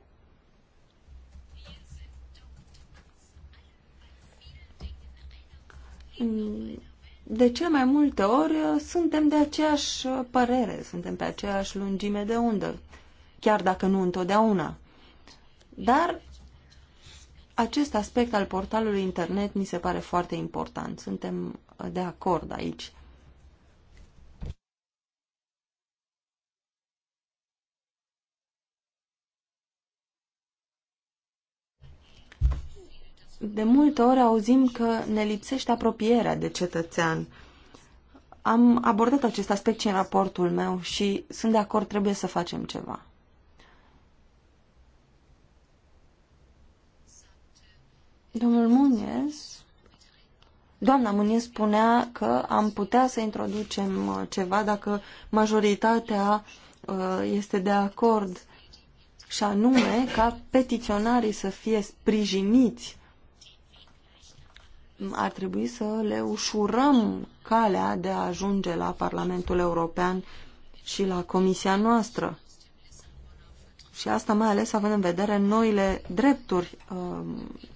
De cele mai multe ori suntem de aceeași părere, suntem pe aceeași lungime de undă, chiar dacă nu întotdeauna. Dar acest aspect al portalului internet mi se pare foarte important. Suntem de acord aici. De multe ori auzim că ne lipsește apropierea de cetățean. Am abordat acest aspect și în raportul meu și sunt de acord, trebuie să facem ceva. Domnul Muniez, doamna Muniez spunea că am putea să introducem uh, ceva dacă majoritatea uh, este de acord și anume ca petiționarii să fie sprijiniți ar trebui să le ușurăm calea de a ajunge la Parlamentul European și la Comisia noastră. Și asta mai ales având în vedere noile drepturi uh,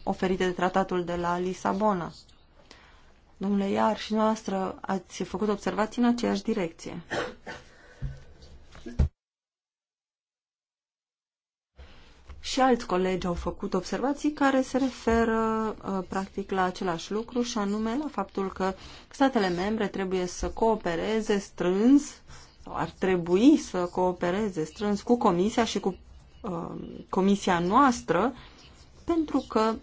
oferite de tratatul de la Lisabona. Domnule Iar, și noastră ați făcut observații în aceeași direcție. și alți colegi au făcut observații care se referă uh, practic la același lucru și anume la faptul că statele membre trebuie să coopereze strâns sau ar trebui să coopereze strâns cu Comisia și cu uh, Comisia noastră pentru că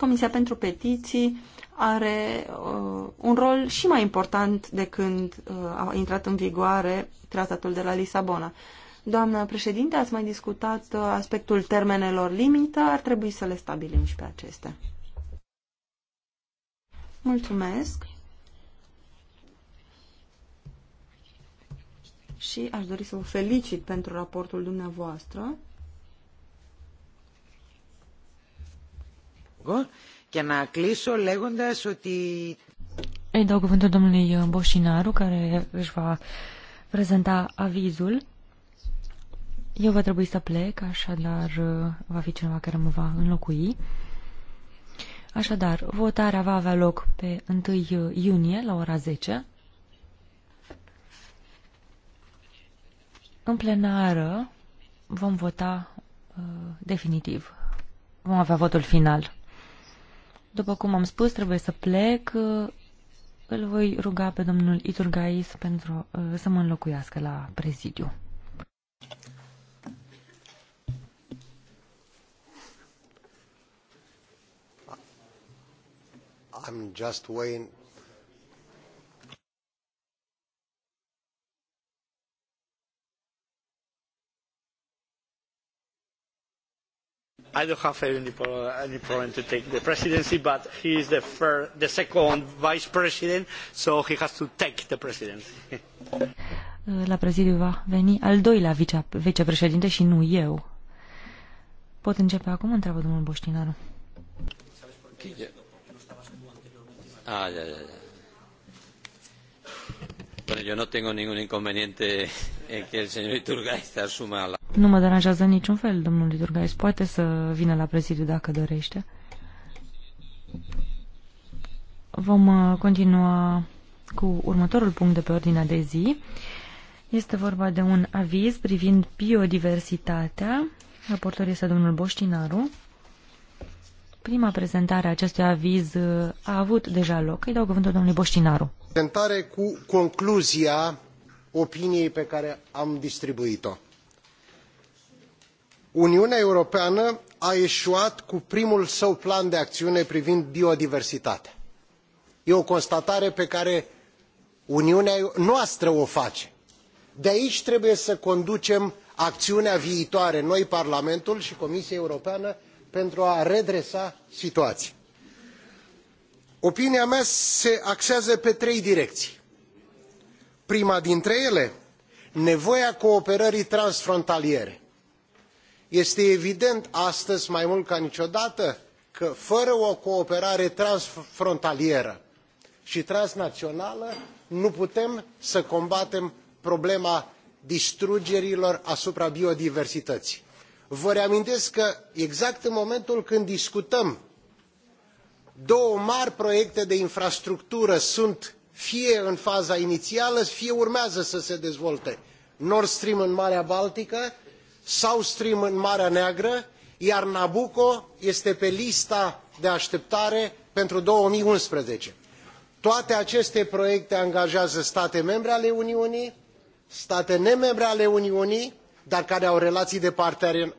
Comisia pentru Petiții are uh, un rol și mai important de când uh, a intrat în vigoare tratatul de la Lisabona. Uh, Doamna președinte, ați mai discutat uh, aspectul termenelor limită, ar trebui să le stabilim și pe acestea. Mulțumesc. Și aș dori să vă felicit pentru raportul dumneavoastră. Και να κλείσω λέγοντας ότι... Îi dau cuvântul domnului Boșinaru, care își va prezenta avizul. Eu va trebui să plec, așadar uh, va fi cineva care mă va înlocui. Așadar, votarea va avea loc pe 1 uh, iunie la ora 10. În plenară vom vota uh, definitiv. Vom avea votul final. După cum am spus, trebuie să plec. Uh, îl voi ruga pe domnul Iturgais pentru uh, să mă înlocuiască la prezidiu. I'm just waiting I don't have any, any problem to take the presidency, but he is the, first, the second vice president, so he has to take the presidency. La prezidiu va veni al doilea vice, vicepreședinte și nu eu. Pot începe acum? Întreabă domnul Boștinaru. Okay, yeah. Ah, ya, ya, ya. Bueno, yo no tengo ningún inconveniente en que el señor Iturgaiz se asuma la... Nu mă deranjează niciun fel, domnul Iturgaiz. Poate să vină la prezidiu dacă dorește. Vom uh, continua cu următorul punct de pe ordinea de zi. Este vorba de un aviz privind biodiversitatea. Raportor este domnul Boștinaru. Prima prezentare a acestui aviz uh, a avut deja loc. Îi dau cuvântul domnului Boștinaru. Prezentare cu concluzia opiniei pe care am distribuit-o. Uniunea Europeană a eșuat cu primul său plan de acțiune privind biodiversitatea. E o constatare pe care Uniunea noastră o face. De aici trebuie să conducem acțiunea viitoare, noi Parlamentul și Comisia Europeană, pentru a redresa situaia. Opinia mea se axează pe trei direcții. Prima dintre ele, nevoia cooperării transfrontaliere. Este evident astăzi mai mult ca niciodată că fără o cooperare transfrontalieră și transnațională nu putem să combatem problema distrugerilor asupra biodiversității vă reamintesc că exact în momentul când discutăm două mari proiecte de infrastructură sunt fie în faza inițială fie urmează să se dezvolte nord stream în marea baltică south stream în marea neagră iar nabucco este pe lista de așteptare pentru. două mii unsprezece toate aceste proiecte angajează state membre ale uniunii state nemembre ale uniunii dar care au relaii de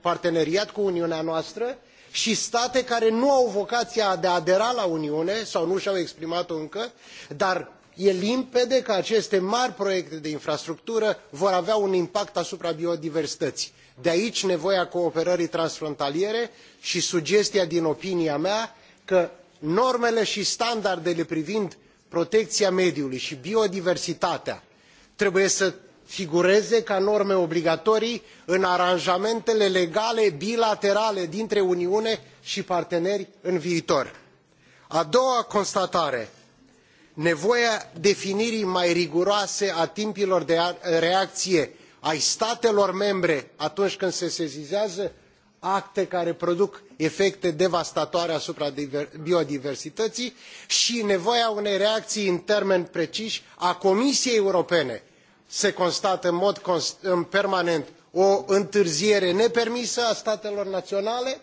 parteneriat cu uniunea noastră i state care nu au vocaia de a adera la uniune sau nu i au exprimat o încă dar e limpede că aceste mari proiecte de infrastructură vor avea un impact asupra biodiversităii. de aici nevoia cooperării transfrontaliere i sugestia din opinia mea că normele i standardele privind protecia mediului i biodiversitatea trebuie să figureze ca norme obligatorii în aranjamentele legale bilaterale dintre uniune i parteneri în viitor. a doua constatare nevoia definirii mai riguroase a timpilor de reacie ai statelor membre atunci când se sesizează acte care produc efecte devastatoare asupra biodiversităii i nevoia unei reacii în termeni precii a comisiei europene se constată în mod permanent o întârziere nepermisă a statelor naționale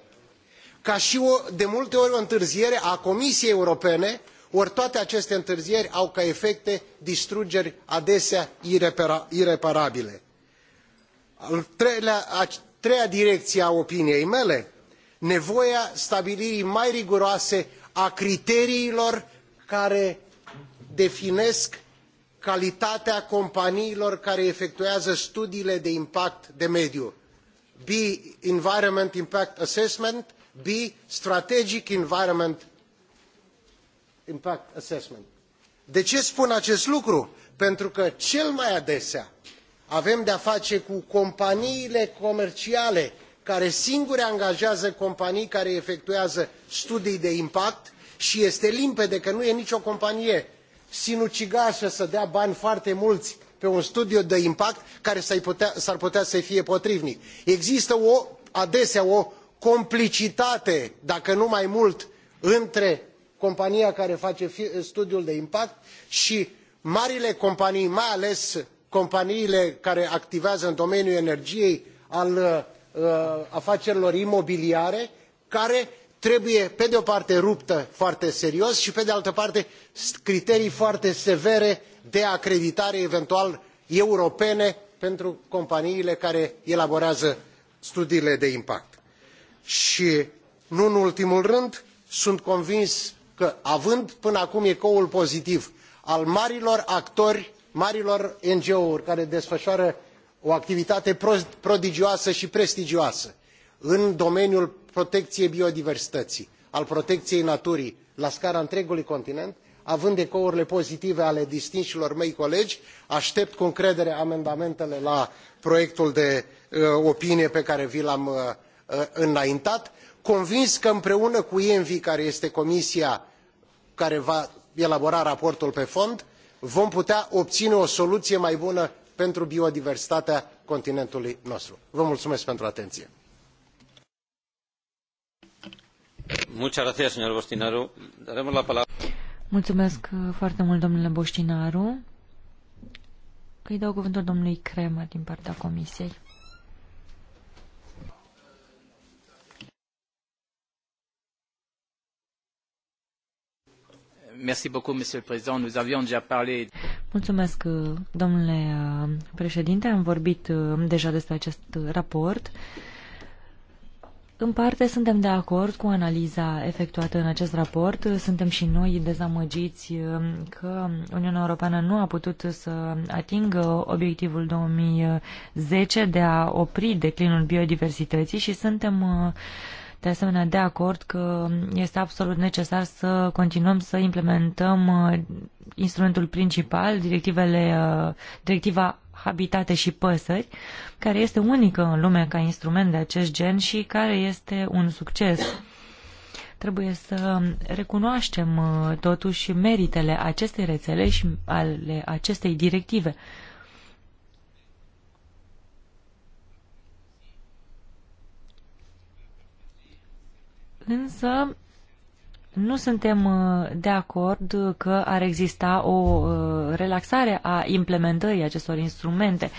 ca și o, de multe ori o întârziere a comisiei europene ori toate aceste întârzieri au ca efecte distrugeri adesea irepara, ireparabile. Al treilea, a treia direcție a opiniei mele nevoia stabilirii mai riguroase a criteriilor care definesc calitatea companiilor care efectuează studiile de impact de mediu b environment impact assessment b strategic environment impact assessment. de ce spun acest lucru? pentru că cel mai adesea avem de a face cu companiile comerciale care singure angajează companii care efectuează studii de impact și este limpede că nu e nicio companie sinucigașă să dea bani foarte mulți pe un studiu de impact care s ar putea să fie potrivnic. există o, adesea o complicitate dacă nu mai mult între compania care face studiul de impact i marile companii mai ales companiile care activează în domeniul energiei al uh, afacerilor imobiliare care trebuie pe de o parte ruptă foarte serios și pe de altă parte criterii foarte severe de acreditare eventual europene pentru companiile care elaborează studiile de impact. și nu în ultimul rând sunt convins că având până acum ecoul pozitiv al marilor actori marilor ngo uri care desfășoară o activitate prodigioasă și prestigioasă în domeniul proteciei biodiversităii al proteciei naturii la scara întregului continent având ecourile pozitive ale distinilor mei colegi atept cu încredere amendamentele la proiectul de uh, opinie pe care vi l am uh, uh, înaintat convins că împreună cu envi care este comisia care va elabora raportul pe fond vom putea obine o soluie mai bună pentru biodiversitatea continentului nostru. vă mulțumesc pentru atenție. Mulțumesc uh, foarte mult, domnule Boștinaru. Îi dau cuvântul domnului Cremă din partea comisiei. Mulțumesc, uh, domnule uh, președinte. Am vorbit deja despre acest raport. În parte suntem de acord cu analiza efectuată în acest raport. Suntem și noi dezamăgiți um, că Uniunea Europeană nu a putut să atingă obiectivul 2010 de a opri declinul biodiversității și suntem uh, de asemenea de acord că este absolut necesar să continuăm să implementăm uh, instrumentul principal, directivele, uh, directiva habitate și păsări, care este unică în lume ca instrument de acest gen și care este un succes. Trebuie să recunoaștem uh, totuși meritele acestei rețele și ale acestei directive. Însă nu suntem uh, de acord că ar exista o uh, relaxare a implementării acestor instrumente.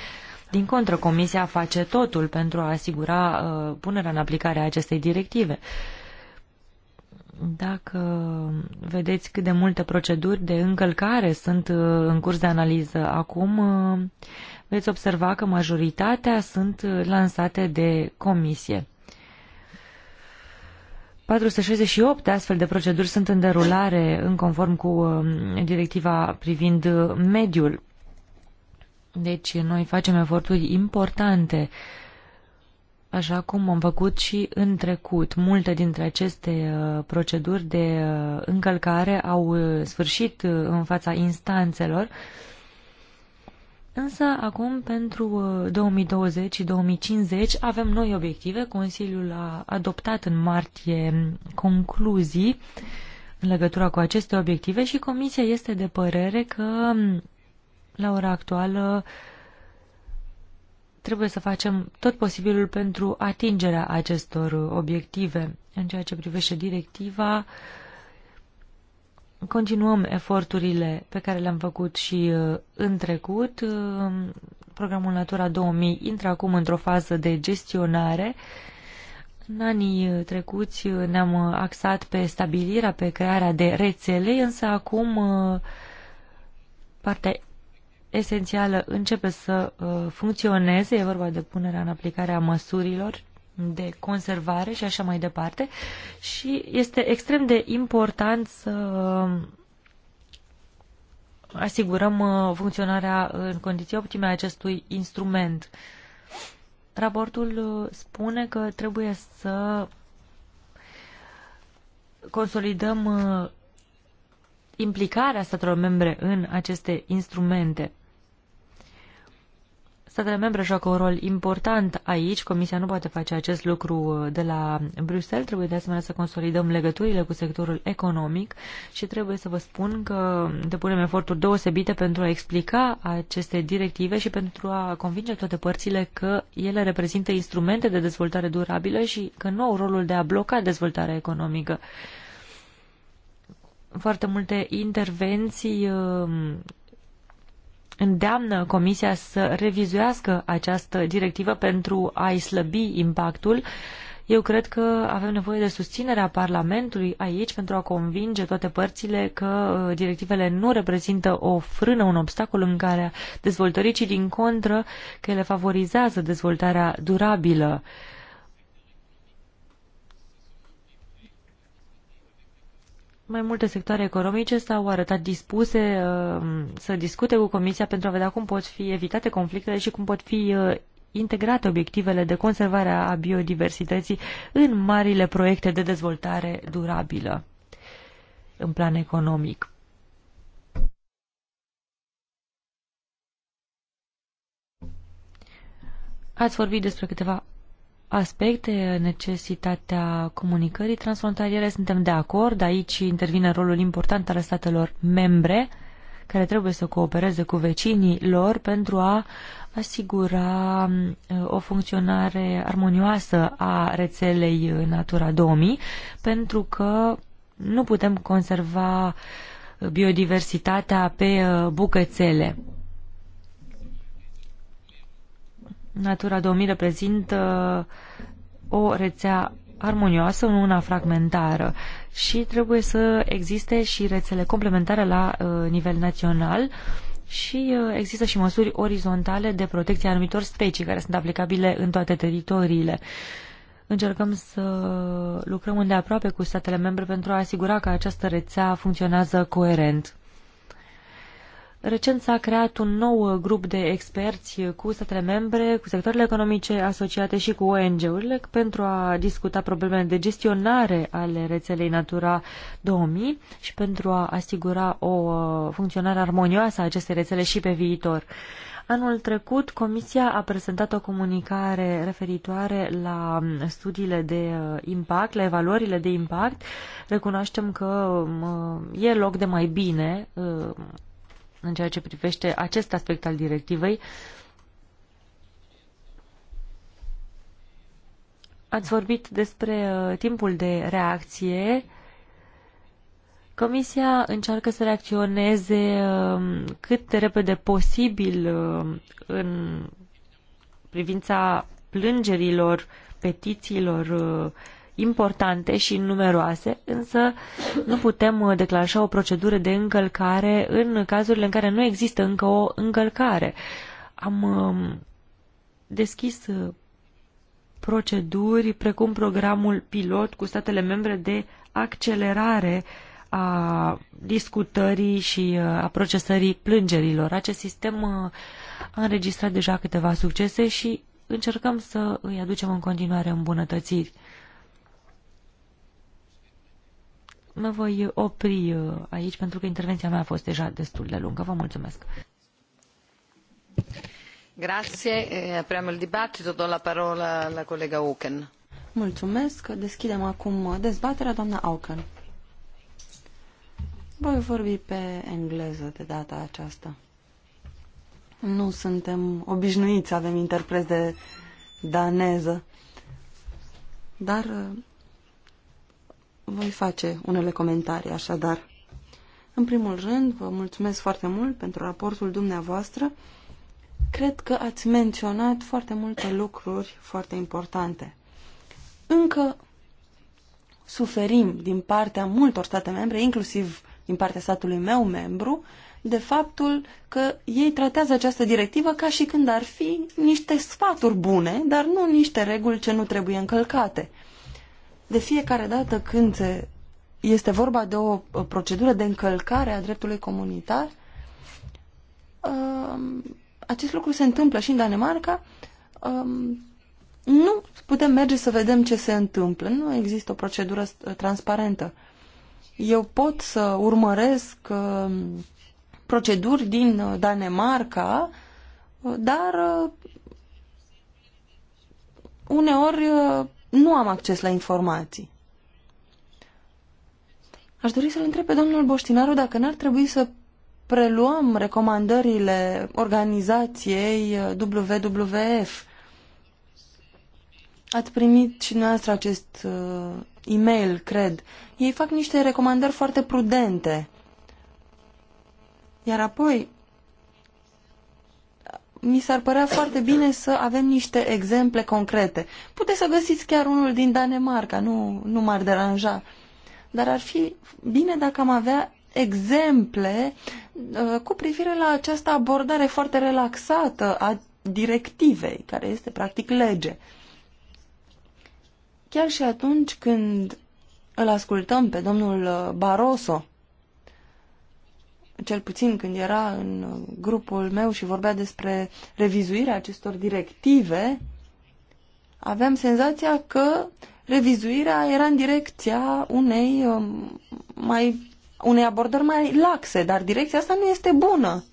Din contră, Comisia face totul pentru a asigura uh, punerea în aplicare a acestei directive. Dacă vedeți cât de multe proceduri de încălcare sunt în curs de analiză acum, veți observa că majoritatea sunt lansate de Comisie. 468 de astfel de proceduri sunt în derulare în conform cu um, directiva privind uh, mediul. Deci noi facem eforturi importante, așa cum am făcut și în trecut. Multe dintre aceste uh, proceduri de uh, încălcare au sfârșit în fața instanțelor, Însă, acum, pentru 2020 uh, și 2050, avem noi obiective. Consiliul a adoptat în martie concluzii în legătură cu aceste obiective și Comisia este de părere că, la ora actuală, trebuie să facem tot posibilul pentru atingerea acestor obiective. În ceea ce privește directiva, uh, continuăm eforturile pe care le-am făcut și uh, în trecut. Uh, programul Natura 2000 intră acum într-o fază de gestionare. În anii uh, trecuți ne-am axat pe stabilirea, pe crearea de rețele, însă acum partea esențială începe să funcționeze, e vorba de punerea în aplicare a măsurilor de conservare și așa mai departe și este extrem de important să asigurăm uh, funcționarea în condiții optime a acestui instrument. Raportul uh, spune că trebuie să consolidăm uh, implicarea statelor membre în aceste instrumente. Statele membre joacă un rol important aici, Comisia nu poate face acest lucru uh, de la Bruxelles, trebuie de asemenea să consolidăm legăturile cu sectorul economic și trebuie să vă spun că depunem eforturi deosebite pentru a explica aceste directive și pentru a convinge toate părțile că ele reprezintă instrumente de dezvoltare durabilă și că nu au rolul de a bloca dezvoltarea economică. Foarte multe intervenții uh, îndeamnă Comisia să revizuiască această directivă pentru a-i slăbi impactul. Eu cred că avem nevoie de susținerea Parlamentului aici pentru a convinge toate părțile că uh, directivele nu reprezintă o frână, un obstacol în care dezvoltării, ci din contră că ele favorizează dezvoltarea durabilă. Uh, Mai multe sectoare economice s-au arătat dispuse uh, să discute cu Comisia pentru a vedea cum pot fi evitate conflictele și cum pot fi uh, integrate obiectivele de conservare a biodiversității în marile proiecte de dezvoltare durabilă în plan economic. Ați vorbit despre câteva aspecte, necesitatea comunicării transfrontaliere, suntem de acord. Aici intervine rolul important al statelor membre care trebuie să coopereze cu vecinii lor pentru a asigura uh, o funcționare armonioasă a rețelei uh, Natura 2000, pentru că nu putem conserva uh, biodiversitatea pe bucățele. Natura 2000 reprezintă uh, o rețea armonioasă, nu una fragmentară și trebuie să existe și rețele complementare la uh, nivel național și uh, există și măsuri orizontale de protecție a anumitor specii care sunt aplicabile în toate teritoriile. Încercăm să lucrăm îndeaproape cu statele membre pentru a asigura că această rețea funcționează coerent. Recent s-a creat un nou grup de experți cu statele membre, cu sectoarele economice asociate și cu ONG-urile pentru a discuta problemele de gestionare ale rețelei Natura 2000 și pentru a asigura o uh, funcționare armonioasă a acestei rețele și pe viitor. Anul trecut, Comisia a prezentat o comunicare referitoare la um, studiile de uh, impact, la evaluările de impact. Recunoaștem că um, uh, e loc de mai bine în ceea ce privește acest aspect al directivei. Ați vorbit despre uh, timpul de reacție. Comisia încearcă să reacționeze um, cât de repede posibil um, în privința plângerilor, petițiilor uh, importante și numeroase, însă nu putem uh, declanșa o procedură de încălcare în cazurile în care nu există încă o încălcare. Am um, deschis uh, proceduri precum programul pilot cu statele membre de accelerare a discutării și uh, a procesării plângerilor. Acest sistem a înregistrat deja câteva succese și încercăm să îi aducem în continuare îmbunătățiri. Mă voi opri uh, aici pentru că intervenția mea a fost deja destul de lungă. Vă mulțumesc. Grazie. Eh, apriamo il dibattito. Do la parola alla collega Auken. Mulțumesc. Deschidem acum dezbaterea, doamna Auken. Voi vorbi pe engleză de data aceasta. Nu suntem obișnuiți să avem interpreți de daneză. Dar voi face unele comentarii, așadar. În primul rând, vă mulțumesc foarte mult pentru raportul dumneavoastră. Cred că ați menționat foarte multe lucruri foarte importante. Încă suferim din partea multor state membre, inclusiv din partea statului meu membru, de faptul că ei tratează această directivă ca și când ar fi niște sfaturi bune, dar nu niște reguli ce nu trebuie încălcate de fiecare dată când este vorba de o procedură de încălcare a dreptului comunitar, um, acest lucru se întâmplă și în Danemarca. Um, nu putem merge să vedem ce se întâmplă. Nu există o procedură transparentă. Eu pot să urmăresc um, proceduri din uh, Danemarca, uh, dar uh, uneori nu am acces la informații. Aș dori să-l întreb pe domnul Boștinaru dacă n-ar trebui să preluăm recomandările organizației WWF. Ați primit și noastră acest uh, e-mail, cred. Ei fac niște recomandări foarte prudente. Iar apoi, mi s-ar părea foarte bine să avem niște exemple concrete. Puteți să găsiți chiar unul din Danemarca, nu, nu m-ar deranja. Dar ar fi bine dacă am avea exemple uh, cu privire la această abordare foarte relaxată a directivei, care este practic lege. Chiar și atunci când îl ascultăm pe domnul uh, Barroso, cel puțin când era în uh, grupul meu și vorbea despre revizuirea acestor directive, aveam senzația că revizuirea era în direcția unei, um, mai, unei abordări mai laxe, dar direcția asta nu este bună.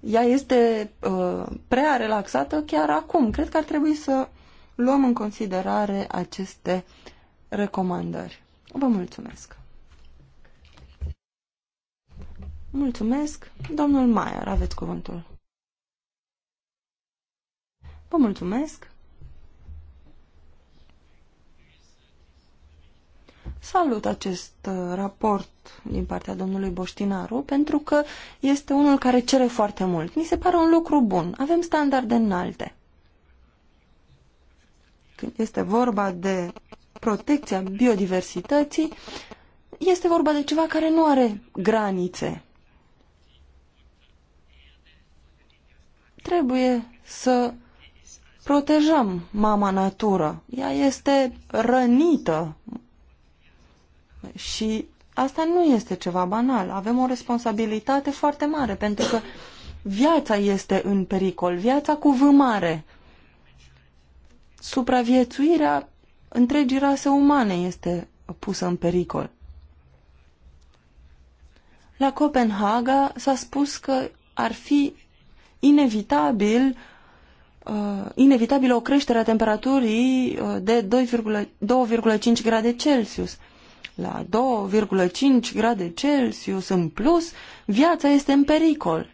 Ea este uh, prea relaxată chiar acum. Cred că ar trebui să luăm în considerare aceste recomandări. Vă mulțumesc! Mulțumesc. Domnul Maier, aveți cuvântul. Vă mulțumesc. Salut acest uh, raport din partea domnului Boștinaru pentru că este unul care cere foarte mult. Mi se pare un lucru bun. Avem standarde înalte. Când este vorba de protecția biodiversității, este vorba de ceva care nu are granițe. Trebuie să protejăm mama natură. Ea este rănită și asta nu este ceva banal. Avem o responsabilitate foarte mare pentru că viața este în pericol, viața cu vâmare. Supraviețuirea întregii rase umane este pusă în pericol. La Copenhaga s-a spus că ar fi inevitabil uh, inevitabilă o creștere a temperaturii uh, de 2,5 grade Celsius. La 2,5 grade Celsius în plus, viața este în pericol.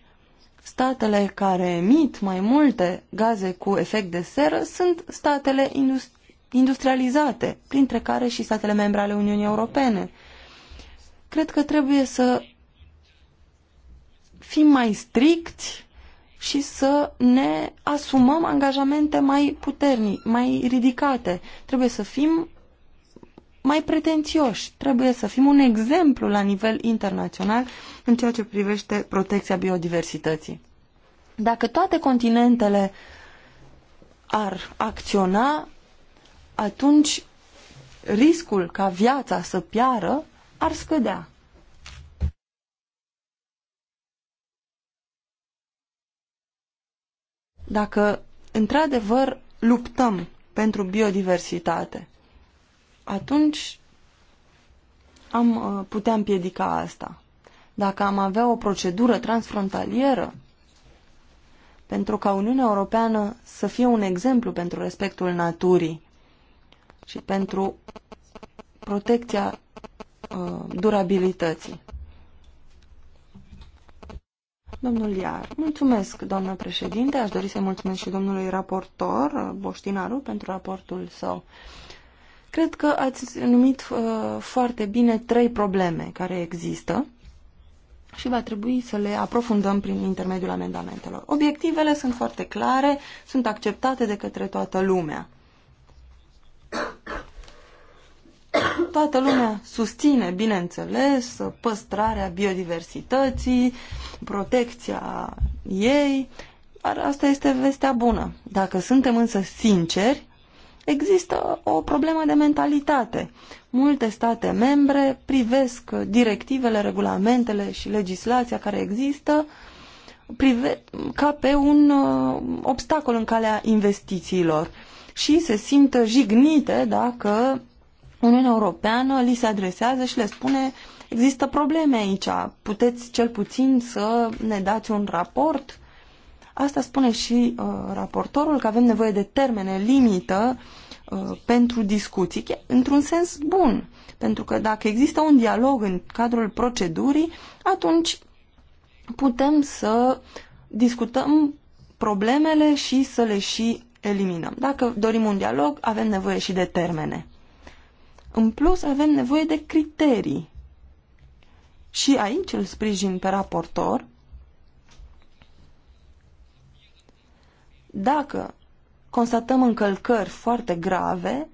Statele care emit mai multe gaze cu efect de seră sunt statele industri industrializate, printre care și statele membre ale Uniunii Europene. Cred că trebuie să fim mai stricți și să ne asumăm angajamente mai puternice, mai ridicate. Trebuie să fim mai pretențioși, trebuie să fim un exemplu la nivel internațional în ceea ce privește protecția biodiversității. Dacă toate continentele ar acționa, atunci riscul ca viața să piară ar scădea. Dacă într-adevăr luptăm pentru biodiversitate, atunci am uh, putea împiedica asta. Dacă am avea o procedură transfrontalieră pentru ca Uniunea Europeană să fie un exemplu pentru respectul naturii și pentru protecția uh, durabilității. Domnul Iar, mulțumesc, doamnă președinte. Aș dori să mulțumesc și domnului raportor uh, Boștinaru pentru raportul său. Cred că ați numit uh, foarte bine trei probleme care există și va trebui să le aprofundăm prin intermediul amendamentelor. Obiectivele sunt foarte clare, sunt acceptate de către toată lumea. Toată lumea susține, bineînțeles, păstrarea biodiversității, protecția ei, dar asta este vestea bună. Dacă suntem însă sinceri, există o problemă de mentalitate. Multe state membre privesc directivele, regulamentele și legislația care există prive- ca pe un uh, obstacol în calea investițiilor și se simt jignite dacă Uniunea Europeană li se adresează și le spune există probleme aici, puteți cel puțin să ne dați un raport. Asta spune și uh, raportorul că avem nevoie de termene limită uh, pentru discuții, într-un sens bun, pentru că dacă există un dialog în cadrul procedurii, atunci putem să discutăm problemele și să le și eliminăm. Dacă dorim un dialog, avem nevoie și de termene. În plus, avem nevoie de criterii. Și aici îl sprijin pe raportor. Dacă constatăm încălcări foarte grave,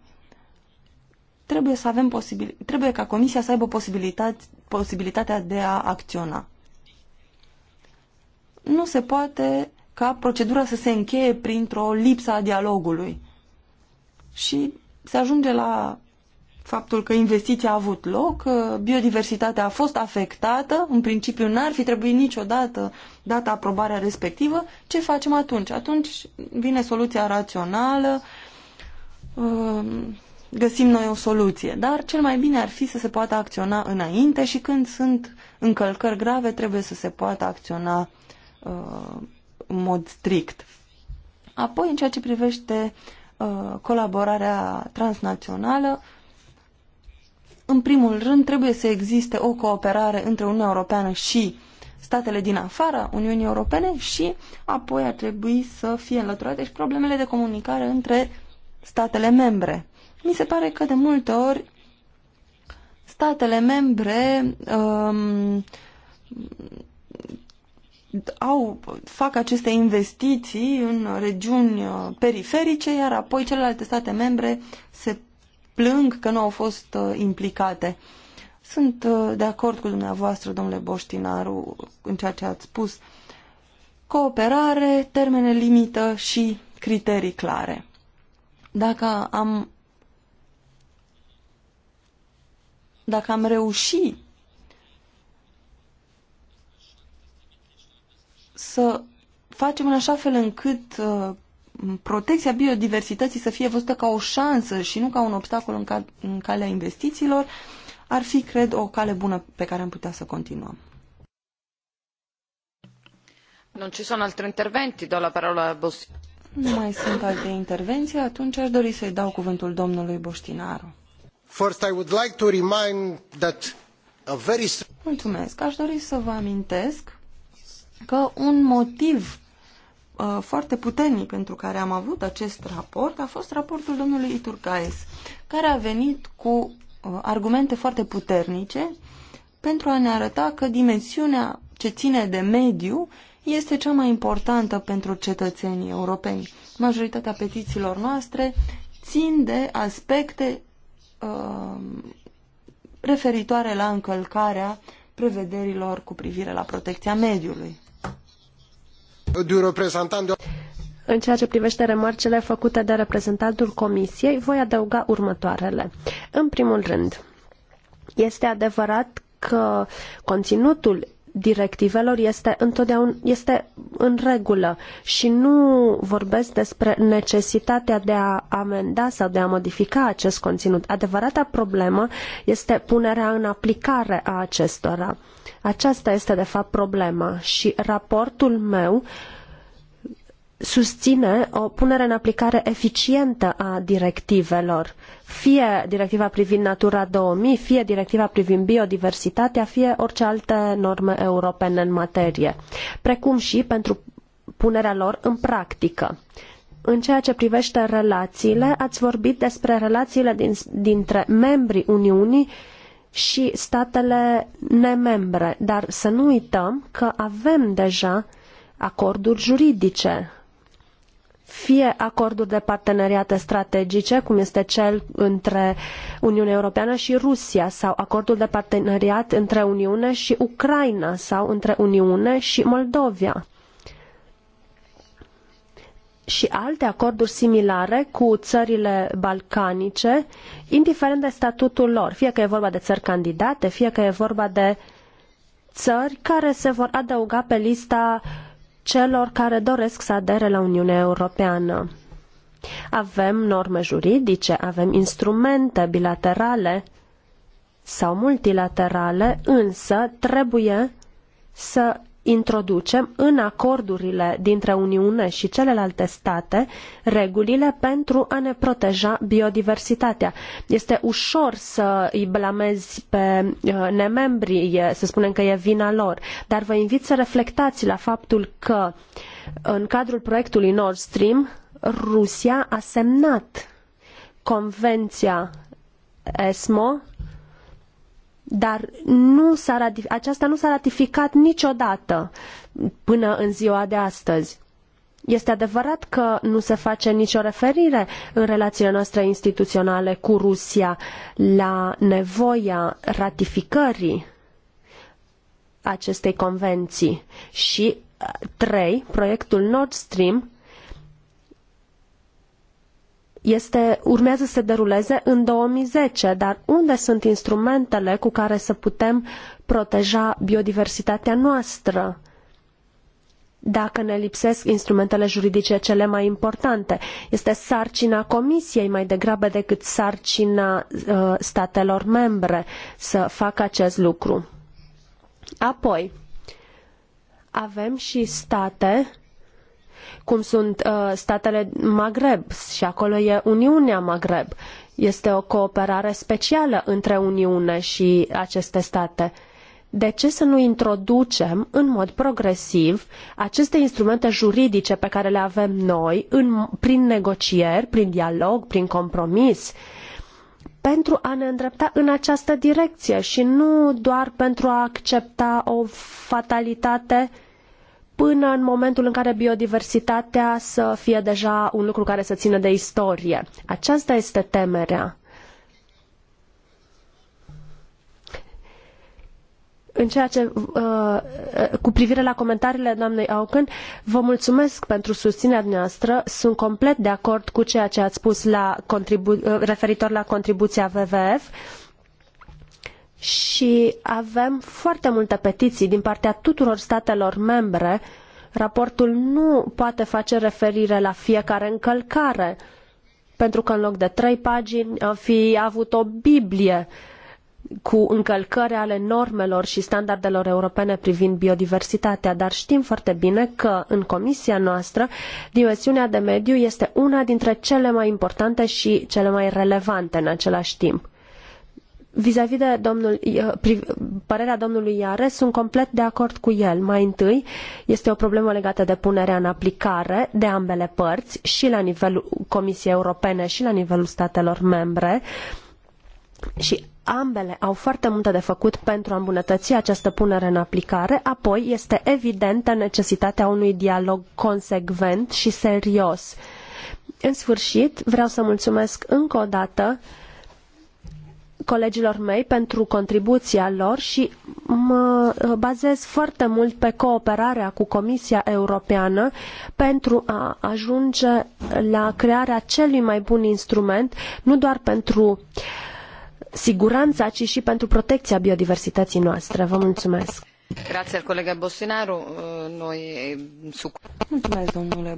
trebuie, să avem posibil... trebuie ca Comisia să aibă posibilitate... posibilitatea de a acționa. Nu se poate ca procedura să se încheie printr-o lipsă a dialogului. Și se ajunge la faptul că investiția a avut loc, biodiversitatea a fost afectată, în principiu n-ar fi trebuit niciodată dată aprobarea respectivă, ce facem atunci? Atunci vine soluția rațională, um, găsim noi o soluție, dar cel mai bine ar fi să se poată acționa înainte și când sunt încălcări grave trebuie să se poată acționa uh, în mod strict. Apoi, în ceea ce privește uh, colaborarea transnațională, în primul rând, trebuie să existe o cooperare între Uniunea Europeană și statele din afara Uniunii Europene și apoi ar trebui să fie înlăturate și problemele de comunicare între statele membre. Mi se pare că de multe ori statele membre um, au, fac aceste investiții în regiuni uh, periferice, iar apoi celelalte state membre se plâng că nu au fost uh, implicate. Sunt uh, de acord cu dumneavoastră, domnule Boștinaru, în ceea ce ați spus. Cooperare, termene limită și criterii clare. Dacă am dacă am reușit să facem în așa fel încât uh, protecția biodiversității să fie văzută ca o șansă și nu ca un obstacol în, ca, în calea investițiilor, ar fi, cred, o cale bună pe care am putea să continuăm. Nu ci sunt alte interventi, doar la parola Bosti. Nu mai sunt alte intervenții, atunci aș dori să-i dau cuvântul domnului Boștinaru. First, I would like to remind that a very... Mulțumesc. Aș dori să vă amintesc că un motiv Uh, foarte puternic pentru care am avut acest raport a fost raportul domnului Iturcaes, care a venit cu uh, argumente foarte puternice pentru a ne arăta că dimensiunea ce ține de mediu este cea mai importantă pentru cetățenii europeni. Majoritatea petițiilor noastre țin de aspecte uh, referitoare la încălcarea prevederilor cu privire la protecția mediului. În ceea ce privește remarcele făcute de reprezentantul Comisiei, voi adăuga următoarele. În primul rând, este adevărat că conținutul directivelor este întotdeauna este în regulă și nu vorbesc despre necesitatea de a amenda sau de a modifica acest conținut. Adevărata problemă este punerea în aplicare a acestora. Aceasta este, de fapt, problema și raportul meu susține o punere în aplicare eficientă a directivelor, fie directiva privind Natura 2000, fie directiva privind biodiversitatea, fie orice alte norme europene în materie, precum și pentru punerea lor în practică. În ceea ce privește relațiile, ați vorbit despre relațiile din, dintre membrii Uniunii și statele nemembre, dar să nu uităm că avem deja acorduri juridice, fie acorduri de parteneriate strategice, cum este cel între Uniunea Europeană și Rusia, sau acordul de parteneriat între Uniune și Ucraina, sau între Uniune și Moldovia și alte acorduri similare cu țările balcanice, indiferent de statutul lor, fie că e vorba de țări candidate, fie că e vorba de țări care se vor adăuga pe lista celor care doresc să adere la Uniunea Europeană. Avem norme juridice, avem instrumente bilaterale sau multilaterale, însă trebuie să introducem în acordurile dintre Uniune și celelalte state regulile pentru a ne proteja biodiversitatea. Este ușor să îi blamezi pe uh, nemembri, să spunem că e vina lor, dar vă invit să reflectați la faptul că în cadrul proiectului Nord Stream, Rusia a semnat convenția ESMO dar nu s-a, aceasta nu s-a ratificat niciodată până în ziua de astăzi. Este adevărat că nu se face nicio referire în relațiile noastre instituționale cu Rusia la nevoia ratificării acestei convenții și trei Proiectul Nord Stream este, urmează să se deruleze în 2010, dar unde sunt instrumentele cu care să putem proteja biodiversitatea noastră? dacă ne lipsesc instrumentele juridice cele mai importante. Este sarcina Comisiei mai degrabă decât sarcina uh, statelor membre să facă acest lucru. Apoi, avem și state cum sunt uh, statele Maghreb și acolo e Uniunea Maghreb. Este o cooperare specială între Uniune și aceste state. De ce să nu introducem în mod progresiv aceste instrumente juridice pe care le avem noi în, prin negocieri, prin dialog, prin compromis? pentru a ne îndrepta în această direcție și nu doar pentru a accepta o fatalitate uh, până în momentul în care biodiversitatea să fie deja un lucru care să țină de istorie. Aceasta este temerea. În ceea ce, uh, cu privire la comentariile doamnei Auken, vă mulțumesc pentru susținerea noastră. Sunt complet de acord cu ceea ce ați spus la uh, referitor la contribuția WWF. Uh, și avem foarte multe petiții din partea tuturor statelor membre. Raportul nu poate face referire la fiecare încălcare, pentru că în loc de trei pagini am fi avut o Biblie cu încălcări ale normelor și standardelor europene privind biodiversitatea, dar știm foarte bine că în comisia noastră dimensiunea de mediu este una dintre cele mai importante și cele mai relevante în același timp. Vis-a-vis de domnul, uh, părerea domnului Iare, sunt complet de acord cu el. Mai întâi, este o problemă legată de punerea în aplicare de ambele părți, și la nivelul Comisiei Europene și la nivelul statelor membre. Și ambele au foarte multe de făcut pentru a îmbunătăți această punere în aplicare, apoi este evidentă necesitatea unui dialog consecvent și serios. În sfârșit, vreau să mulțumesc încă o dată colegilor mei pentru contribuția lor și mă uh, bazez foarte mult pe cooperarea cu Comisia Europeană pentru a ajunge la crearea celui mai bun instrument, nu doar pentru siguranța, ci și pentru protecția biodiversității noastre. Vă mulțumesc! Grazie al colega uh, Noi... Eh, mulțumesc, domnule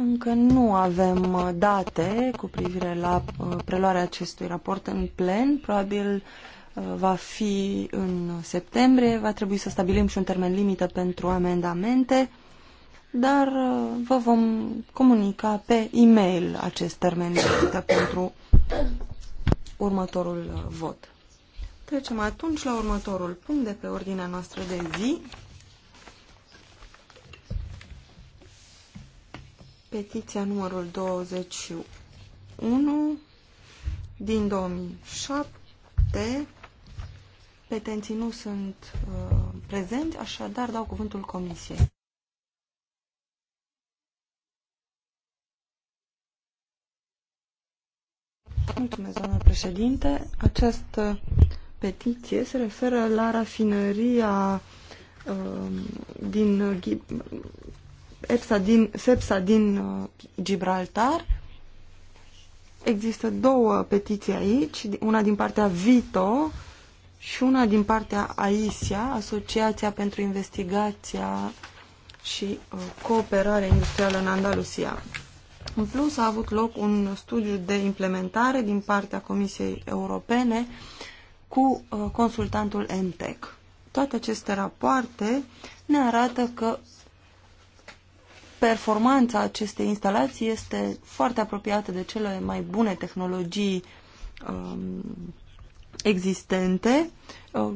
Încă nu avem uh, date cu privire la uh, preluarea acestui raport în plen. Probabil uh, va fi în septembrie. Va trebui să stabilim și un termen limită pentru amendamente, dar vă vom comunica pe e-mail acest termen limită pentru următorul vot. Trecem atunci la următorul punct de pe ordinea noastră de zi. petiția numărul 21 din 2007. Petenții nu sunt uh, prezenți, așadar dau cuvântul comisiei. Mulțumesc, doamnă președinte. Această petiție se referă la rafinăria uh, din EPSA din, SEPSA din uh, Gibraltar. Există două petiții aici, una din partea VITO și una din partea AISIA, Asociația pentru Investigația și uh, Cooperare Industrială în Andalusia. În plus, a avut loc un studiu de implementare din partea Comisiei Europene cu uh, consultantul ENTEC. Toate aceste rapoarte ne arată că performanța acestei instalații este foarte apropiată de cele mai bune tehnologii um, existente, uh,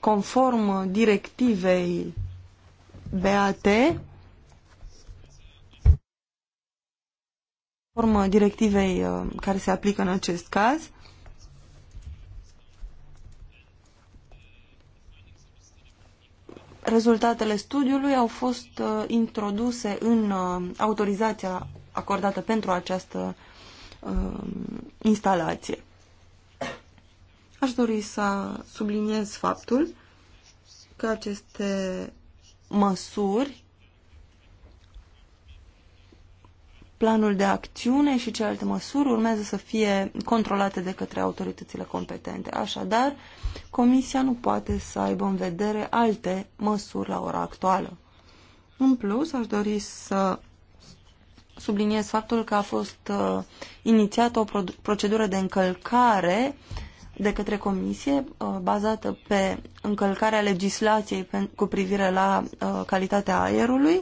conform directivei BAT, conform directivei uh, care se aplică în acest caz. rezultatele studiului au fost uh, introduse în uh, autorizația acordată pentru această uh, instalație. Aș dori să subliniez faptul că aceste măsuri planul de acțiune și celelalte măsuri urmează să fie controlate de către autoritățile competente. Așadar, Comisia nu poate să aibă în vedere alte măsuri la ora actuală. În plus, aș dori să subliniez faptul că a fost uh, inițiată o procedură de încălcare de către Comisie, uh, bazată pe încălcarea legislației pe, cu privire la uh, calitatea aerului,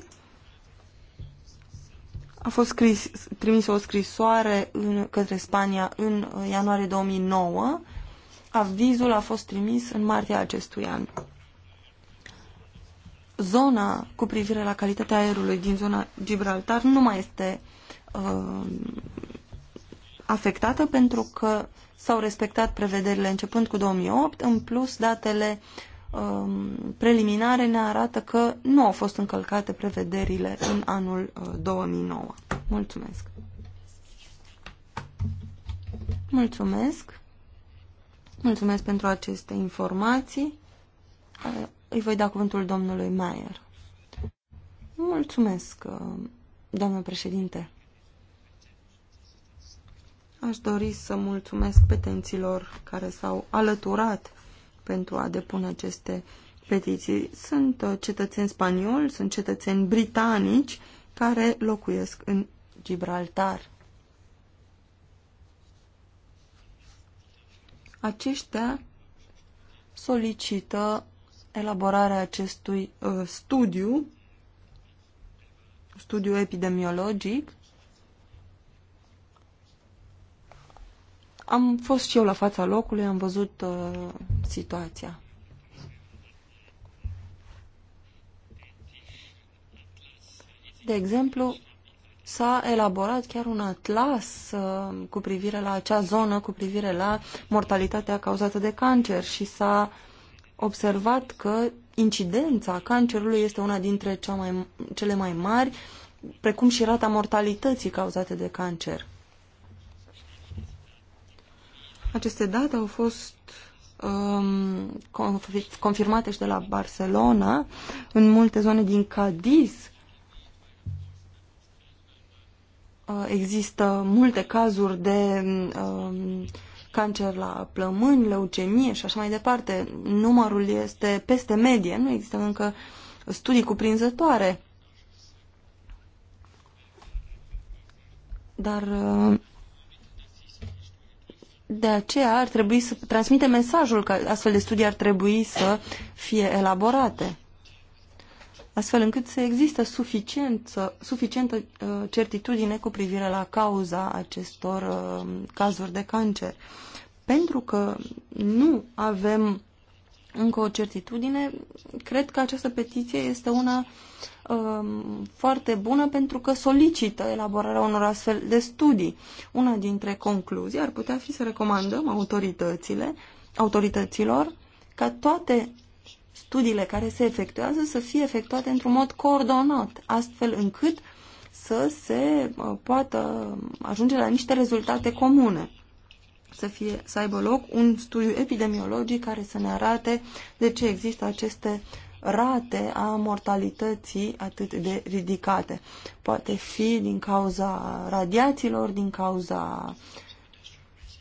a fost scris, trimisă o scrisoare în, către Spania în uh, ianuarie 2009. Avizul a fost trimis în martie acestui an. Zona cu privire la calitatea aerului din zona Gibraltar nu mai este uh, afectată pentru că s-au respectat prevederile începând cu 2008, în plus datele uh, um, preliminare ne arată că nu au fost încălcate prevederile în anul uh, 2009. Mulțumesc! Mulțumesc! Mulțumesc pentru aceste informații. Uh, îi voi da cuvântul domnului Maier. Mulțumesc, uh, doamnă președinte! Aș dori să mulțumesc petenților care s-au alăturat pentru a depune aceste petiții. Sunt uh, cetățeni spanioli, sunt cetățeni britanici care locuiesc în Gibraltar. Aceștia solicită elaborarea acestui uh, studiu, studiu epidemiologic, Am fost și eu la fața locului, am văzut uh, situația. De exemplu, s-a elaborat chiar un atlas uh, cu privire la acea zonă, cu privire la mortalitatea cauzată de cancer și s-a observat că incidența cancerului este una dintre cea mai, cele mai mari, precum și rata mortalității cauzate de cancer. Aceste date au fost um, confirmate și de la Barcelona, în multe zone din Cadiz. Uh, există multe cazuri de um, cancer la plămâni, leucemie și așa mai departe. Numărul este peste medie, nu există încă studii cuprinzătoare. Dar uh, de aceea ar trebui să transmite mesajul că astfel de studii ar trebui să fie elaborate, astfel încât să există suficientă, suficientă uh, certitudine cu privire la cauza acestor uh, cazuri de cancer. Pentru că nu avem încă o certitudine. Cred că această petiție este una um, foarte bună pentru că solicită elaborarea unor astfel de studii. Una dintre concluzii ar putea fi să recomandăm autoritățile, autorităților ca toate studiile care se efectuează să fie efectuate într-un mod coordonat, astfel încât să se uh, poată ajunge la niște rezultate comune să, fie, să aibă loc un studiu epidemiologic care să ne arate de ce există aceste rate a mortalității atât de ridicate. Poate fi din cauza radiațiilor, din cauza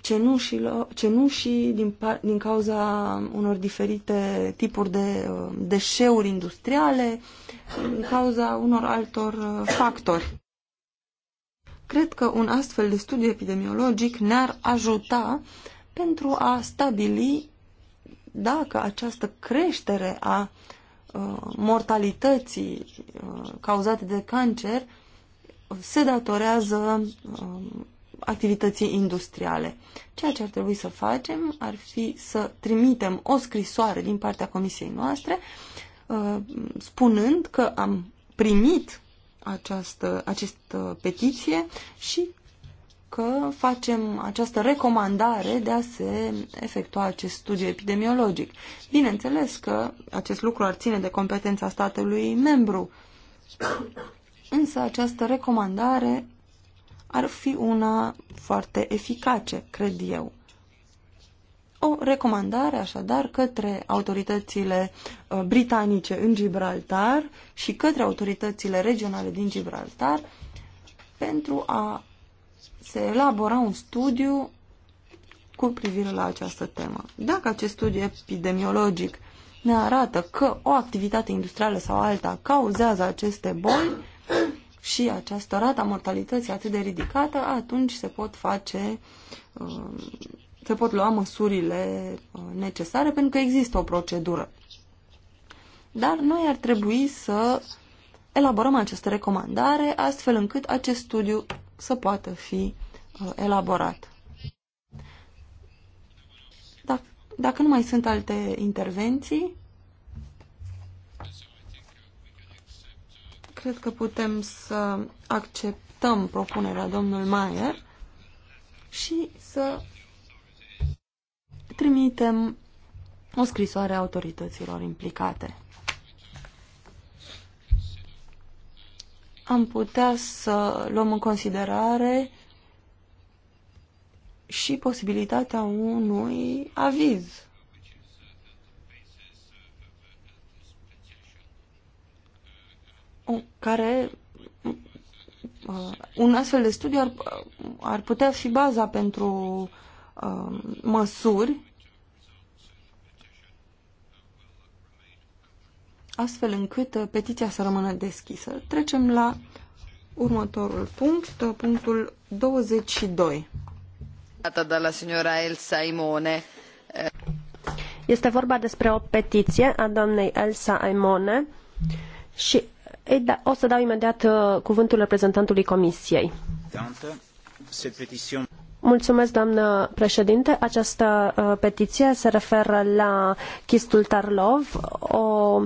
cenușilor, cenușii, din, din cauza unor diferite tipuri de uh, deșeuri industriale, din cauza unor altor uh, factori. Cred că un astfel de studiu epidemiologic ne-ar ajuta pentru a stabili dacă această creștere a uh, mortalității uh, cauzate de cancer se datorează um, activității industriale. Ceea ce ar trebui să facem ar fi să trimitem o scrisoare din partea comisiei noastre uh, spunând că am primit această, această petiție și că facem această recomandare de a se efectua acest studiu epidemiologic. Bineînțeles că acest lucru ar ține de competența statului membru, însă această recomandare ar fi una foarte eficace, cred eu. O recomandare, așadar, către autoritățile uh, britanice în Gibraltar și către autoritățile regionale din Gibraltar pentru a se elabora un studiu cu privire la această temă. Dacă acest studiu epidemiologic ne arată că o activitate industrială sau alta cauzează aceste boli și această rată a mortalității atât de ridicată, atunci se pot face uh, se pot lua măsurile uh, necesare pentru că există o procedură. Dar noi ar trebui să elaborăm această recomandare astfel încât acest studiu să poată fi uh, elaborat. Dacă, nu mai sunt alte intervenții, cred că putem să acceptăm propunerea domnului Maier și să trimitem o scrisoare autorităților implicate. Am putea să luăm în considerare și posibilitatea unui aviz. care uh, un astfel de studiu ar, ar putea fi baza pentru Um, măsuri astfel încât uh, petiția să rămână deschisă. Trecem la următorul punct, uh, punctul 22. De la signora Elsa Imone. Este vorba despre o petiție a doamnei Elsa Aimone și da, o să dau imediat uh, cuvântul reprezentantului Comisiei. Cette pétition Mulțumesc, doamnă președinte. Această uh, petiție se referă la Chistul Tarlov, o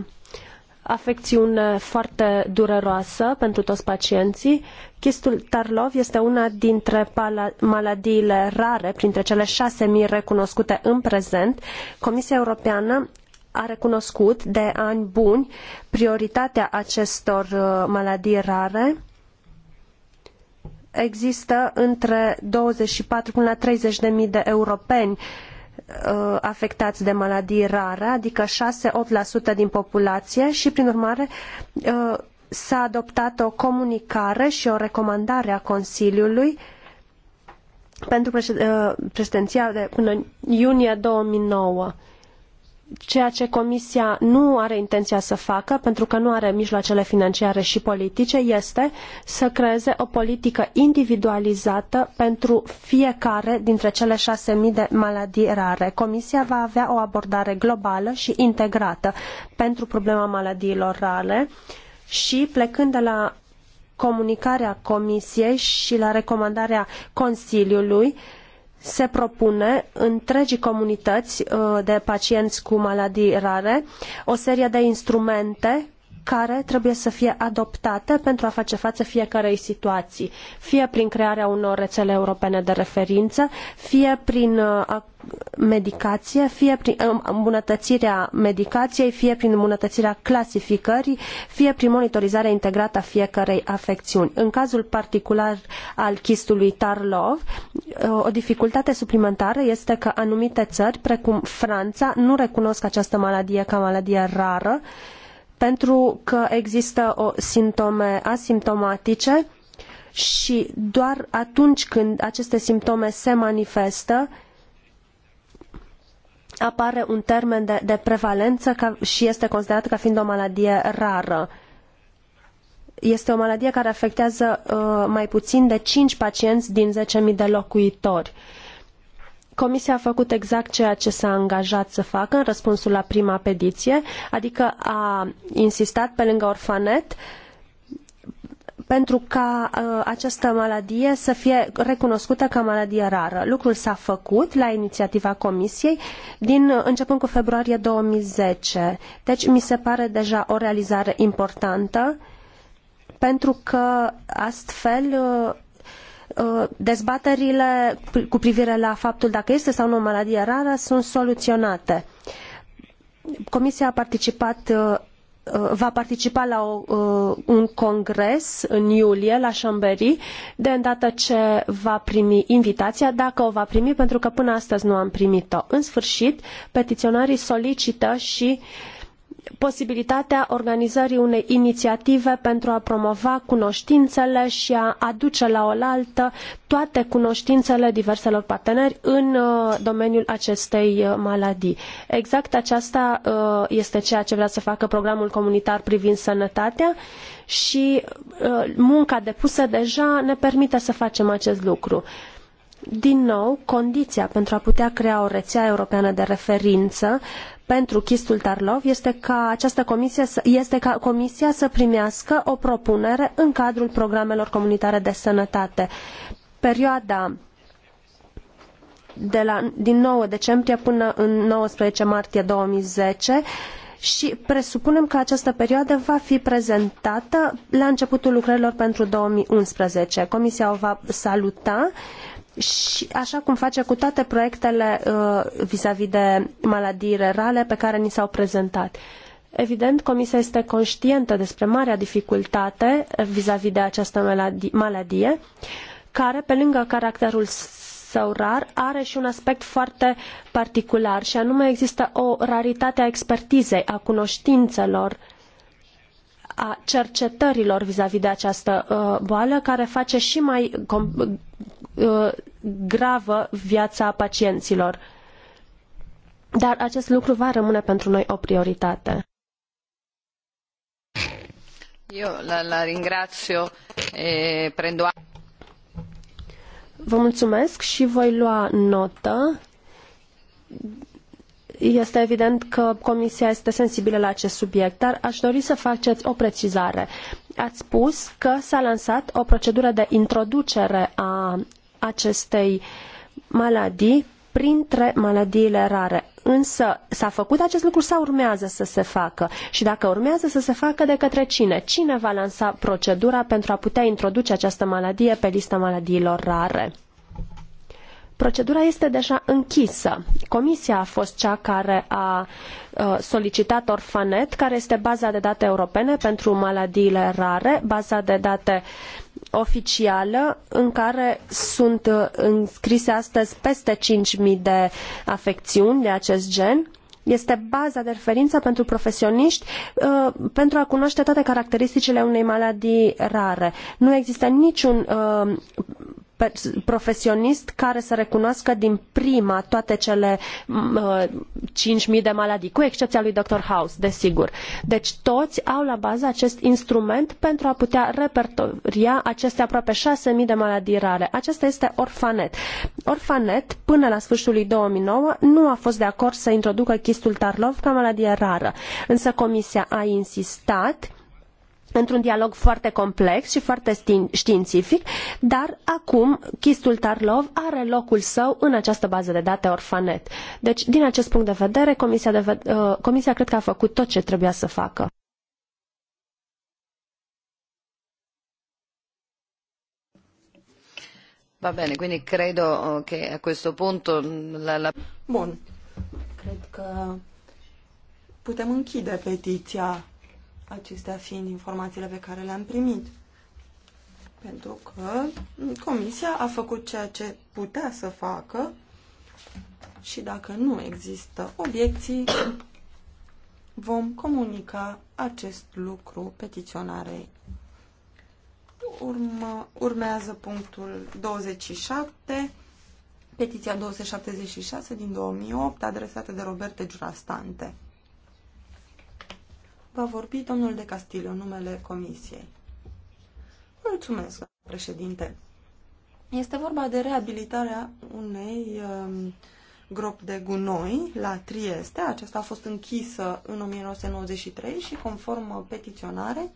afecțiune foarte dureroasă pentru toți pacienții. Chistul Tarlov este una dintre maladiile rare, printre cele șase mii recunoscute în prezent. Comisia Europeană a recunoscut de ani buni prioritatea acestor uh, maladii rare există între 24 până la 30 de mii de europeni uh, afectați de maladii rare, adică 6-8% din populație și, prin urmare, uh, s-a adoptat o comunicare și o recomandare a Consiliului pentru uh, președinția de până iunie 2009 ceea ce Comisia nu are intenția să facă, pentru că nu are mijloacele financiare și politice, este să creeze o politică individualizată pentru fiecare dintre cele șase mii de maladii rare. Comisia va avea o abordare globală și integrată pentru problema maladiilor rare și plecând de la comunicarea Comisiei și la recomandarea Consiliului, se propune întregii comunități uh, de pacienți cu maladii rare o serie de instrumente care trebuie să fie adoptate pentru a face față fiecarei situații, fie prin crearea unor rețele europene de referință, fie prin uh, medicație, fie prin uh, îmbunătățirea medicației, fie prin îmbunătățirea clasificării, fie prin monitorizarea integrată a fiecărei afecțiuni. În cazul particular al chistului Tarlov, uh, o dificultate suplimentară este că anumite țări, precum Franța, nu recunosc această maladie ca maladie rară, pentru că există o simptome asimptomatice și doar atunci când aceste simptome se manifestă, apare un termen de, de prevalență ca, și este considerat ca fiind o maladie rară. Este o maladie care afectează uh, mai puțin de 5 pacienți din 10.000 de locuitori. Uh, Comisia a făcut exact ceea ce s-a angajat să facă în răspunsul la prima petiție, adică a insistat pe lângă orfanet pentru ca uh, această maladie să fie recunoscută ca maladie rară. Lucrul s-a făcut la inițiativa Comisiei din începând cu februarie 2010. Deci mi se pare deja o realizare importantă pentru că astfel uh, Uh, dezbaterile cu privire la faptul dacă este sau nu o maladie rară sunt soluționate. Comisia a participat uh, uh, va participa la o, un congres în iulie la Chambéry, de îndată ce va primi invitația, dacă o va primi, pentru că până astăzi nu am primit-o. În sfârșit, petiționarii solicită și uh, posibilitatea organizării unei inițiative pentru a promova cunoștințele și a aduce la oaltă toate cunoștințele diverselor parteneri în uh, domeniul acestei uh, maladii. Exact aceasta uh, este ceea ce vrea să facă programul comunitar privind sănătatea și munca depusă deja ne permite să facem acest lucru. Din nou, condiția pentru a putea crea o rețea europeană de referință uh, pentru Chistul Tarlov este ca această comisie să, este ca comisia să primească o propunere în cadrul programelor comunitare de sănătate. Perioada de la, din 9 decembrie până în 19 martie 2010 și presupunem că această perioadă va fi prezentată la începutul lucrărilor pentru 2011. Comisia o va saluta uh, și așa cum face cu toate proiectele uh, vis-a-vis de maladii rare pe care ni s-au prezentat. Evident, Comisia este conștientă despre marea dificultate vis-a-vis de această maladie, care, pe lângă caracterul său rar, are și un aspect foarte particular, și anume există o raritate a expertizei, a cunoștințelor, a cercetărilor vis-a-vis de această uh, boală, care face și mai Uh, gravă viața pacienților. Dar acest lucru va rămâne pentru noi o prioritate. Eu la, la ringrazio, e, prendo... Vă mulțumesc și voi lua notă. Este evident că Comisia este sensibilă la acest subiect, dar aș dori să faceți o precizare. Ați spus că s-a lansat o procedură de introducere a acestei maladii printre maladiile rare. Însă s-a făcut acest lucru sau urmează să se facă? Și dacă urmează să se facă, de către cine? Cine va lansa procedura pentru a putea introduce această maladie pe lista maladiilor rare? Procedura este deja închisă. Comisia a fost cea care a uh, solicitat Orfanet, care este baza de date europene pentru maladiile rare, baza de date oficială în care sunt uh, înscrise astăzi peste 5.000 de afecțiuni de acest gen este baza de referință pentru profesioniști uh, pentru a cunoaște toate caracteristicile unei maladii rare. Nu există niciun profesionist care să recunoască din prima toate cele mm, uh, cinci mii de maladii, cu excepția lui Dr. House, desigur. Deci toți au la bază acest instrument pentru a putea repertoria aceste aproape șase mii de maladii rare. Acesta este Orfanet. Orfanet, până la sfârșitul lui 2009, nu a fost de acord să introducă chistul Tarlov ca maladie rară, însă Comisia a insistat într-un dialog foarte complex și foarte științific, dar acum Chistul Tarlov are locul său în această bază de date Orfanet. Deci, din acest punct de vedere, Comisia, de, uh, comisia cred că a făcut tot ce trebuia să facă. Va bene, quindi credo uh, che a questo punto la... la... Bun, cred că putem închide petiția acestea fiind informațiile pe care le-am primit. Pentru că Comisia a făcut ceea ce putea să facă și dacă nu există obiecții, vom comunica acest lucru petiționarei. Urmă, urmează punctul 27, petiția 276 din 2008, adresată de Roberte Giurastante va vorbi domnul de Castillo, numele Comisiei. Mulțumesc, președinte. Este vorba de reabilitarea unei um, grop gropi de gunoi la Trieste. Aceasta a fost închisă în 1993 și, conform petiționare,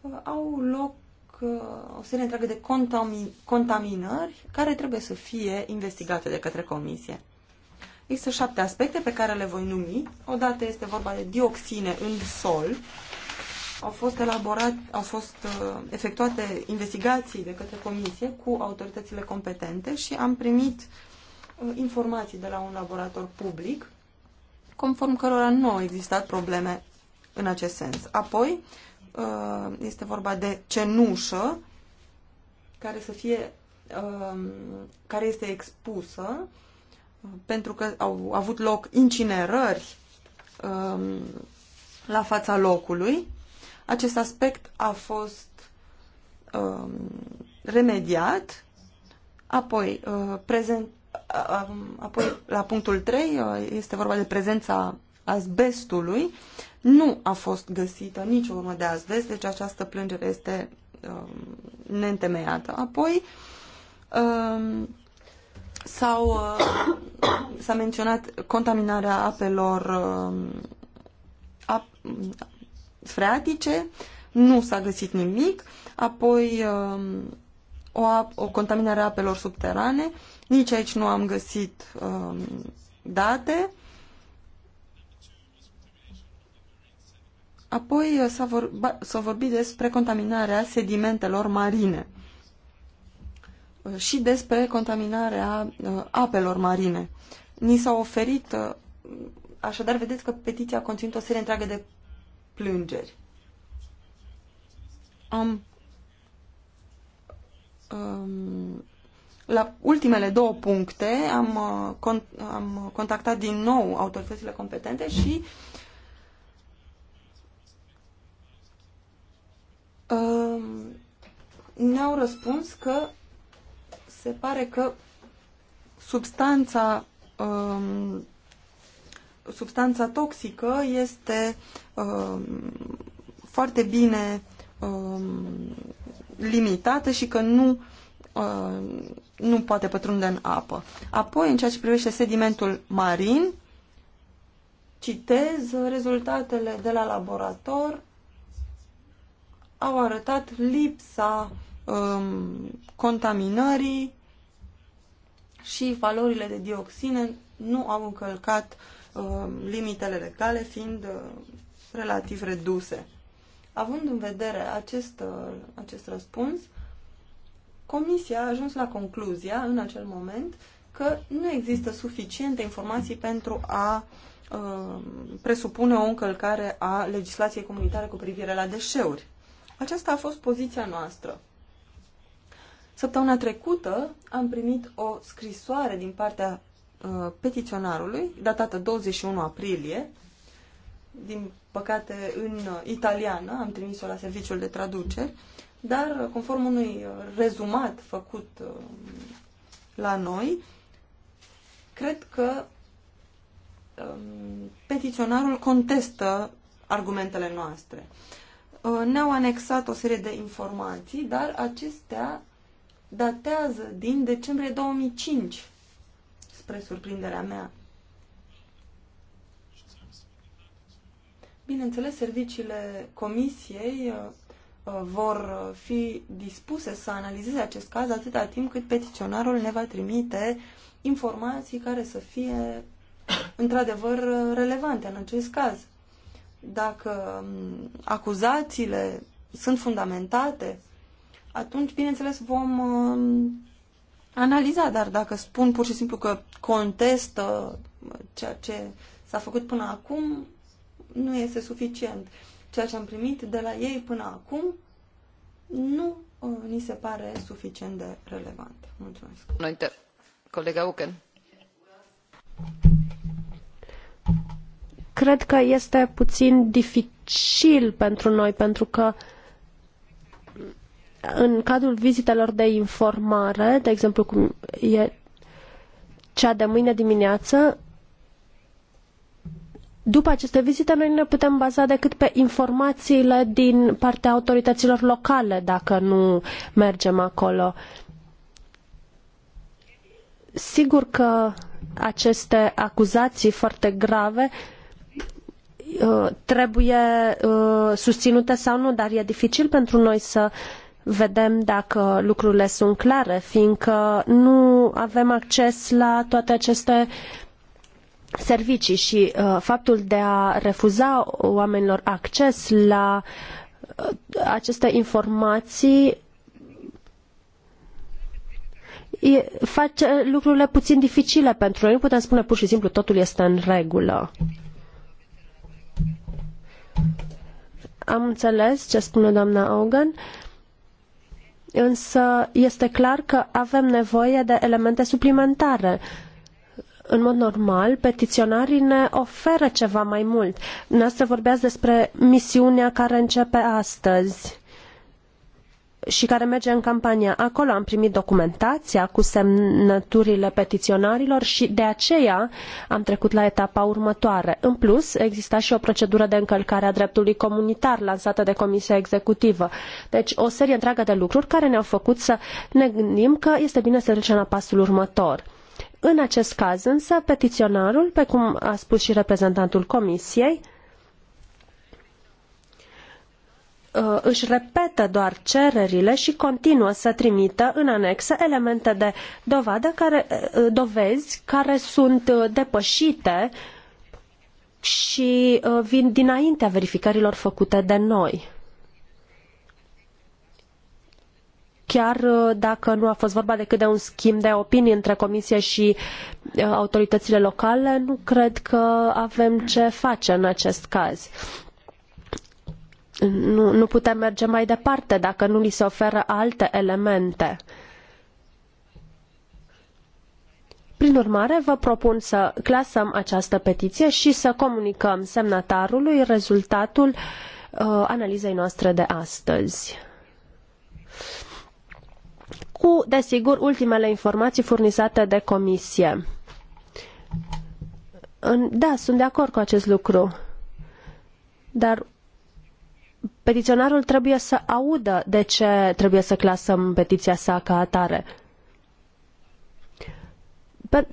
uh, au loc uh, o serie întreagă de contamin contaminări care trebuie să fie investigate de către comisie. Există șapte aspecte pe care le voi numi. Odată este vorba de dioxine în sol. Au fost elaborate, au fost uh, efectuate investigații de către comisie cu autoritățile competente și am primit uh, informații de la un laborator public conform cărora nu au existat probleme în acest sens. Apoi uh, este vorba de cenușă care să fie um, care este expusă pentru că au avut loc incinerări um, la fața locului. Acest aspect a fost um, remediat, apoi, uh, prezent, uh, apoi la punctul 3 uh, este vorba de prezența asbestului. Nu a fost găsită nicio urmă de asbest, deci această plângere este uh, neîntemeiată. Apoi, uh, sau uh, s-a menționat contaminarea apelor uh, ap, freatice, nu s-a găsit nimic, apoi uh, o, o contaminare a apelor subterane, nici aici nu am găsit date. Apoi s-a, vorbit despre contaminarea sedimentelor marine și despre contaminarea uh, apelor marine. Ni s-a oferit, uh, așadar vedeți că petiția conținut o serie întreagă de plângeri. Am um, la ultimele două puncte am, uh, con, am contactat din nou autoritățile competente și um, ne-au răspuns că se pare că substanța, um, substanța toxică este um, foarte bine um, limitată și că nu, um, nu poate pătrunde în apă. Apoi, în ceea ce privește sedimentul marin, citez rezultatele de la laborator au arătat lipsa Um, contaminării și valorile de dioxine nu au încălcat um, limitele legale, fiind uh, relativ reduse. Având în vedere acest, uh, acest răspuns, Comisia a ajuns la concluzia, în acel moment, că nu există suficiente informații pentru a uh, presupune o încălcare a legislației comunitare cu privire la deșeuri. Aceasta a fost poziția noastră. Săptămâna trecută am primit o scrisoare din partea uh, petiționarului, datată 21 aprilie. Din păcate, în uh, italiană, am trimis-o la serviciul de traduceri, dar uh, conform unui uh, rezumat făcut uh, la noi, cred că um, petiționarul contestă argumentele noastre. Ne-au anexat o serie de informații, dar acestea datează din decembrie 2005, spre surprinderea mea. Bineînțeles, serviciile comisiei uh, uh, vor fi dispuse să analizeze acest caz atâta timp cât petiționarul ne va trimite informații care să fie într-adevăr relevante în acest caz. Dacă um, acuzațiile sunt fundamentate, atunci, bineînțeles, vom uh, analiza, dar dacă spun pur și simplu că contestă uh, ceea ce s-a făcut până acum, nu este suficient. Ceea ce am primit de la ei până acum nu uh, ni se pare suficient de relevant. Mulțumesc. Noi te... Colega Uken. Cred că este puțin dificil pentru noi, pentru că uh, în cadrul vizitelor de informare, de exemplu cum e cea de mâine dimineață, după aceste vizite, noi ne putem baza decât pe informațiile din partea autorităților locale, dacă nu mergem acolo. Sigur că aceste acuzații foarte grave uh, trebuie uh, susținute sau nu, dar e dificil pentru noi să vedem dacă lucrurile sunt clare, fiindcă nu avem acces la toate aceste servicii și uh, faptul de a refuza oamenilor acces la uh, aceste informații e, face lucrurile puțin dificile pentru noi. Nu putem spune pur și simplu totul este în regulă. Am înțeles ce spune doamna Augen. Uh, însă este clar că avem nevoie de elemente suplimentare. În mod normal, petiționarii ne oferă ceva mai mult. Noastră vorbeați despre misiunea care începe astăzi și care merge în campania. Acolo am primit documentația cu semnăturile petiționarilor și de aceea am trecut la etapa următoare. În plus, exista și o procedură de încălcare a dreptului comunitar lansată de Comisia Executivă. Deci o serie întreagă de lucruri care ne-au făcut să ne gândim că este bine să trecem la pasul următor. În acest caz însă, petiționarul, pe cum a spus și reprezentantul Comisiei, uh, își repetă doar cererile și continuă să trimită în anexă elemente de dovadă care, uh, dovezi care sunt uh, depășite și uh, vin dinaintea verificărilor făcute de noi. chiar uh, dacă nu a fost vorba decât de un schimb de opinii între Comisie și uh, autoritățile locale, nu cred că avem ce face în acest caz nu, nu putem merge mai departe dacă nu li se oferă alte elemente. Prin urmare, vă propun să clasăm această petiție și să comunicăm semnatarului rezultatul uh, analizei noastre de astăzi. Cu, desigur, ultimele informații furnizate de comisie. Da, sunt de acord cu acest lucru. Dar petiționarul trebuie să audă de ce trebuie să clasăm petiția sa ca atare. Pe,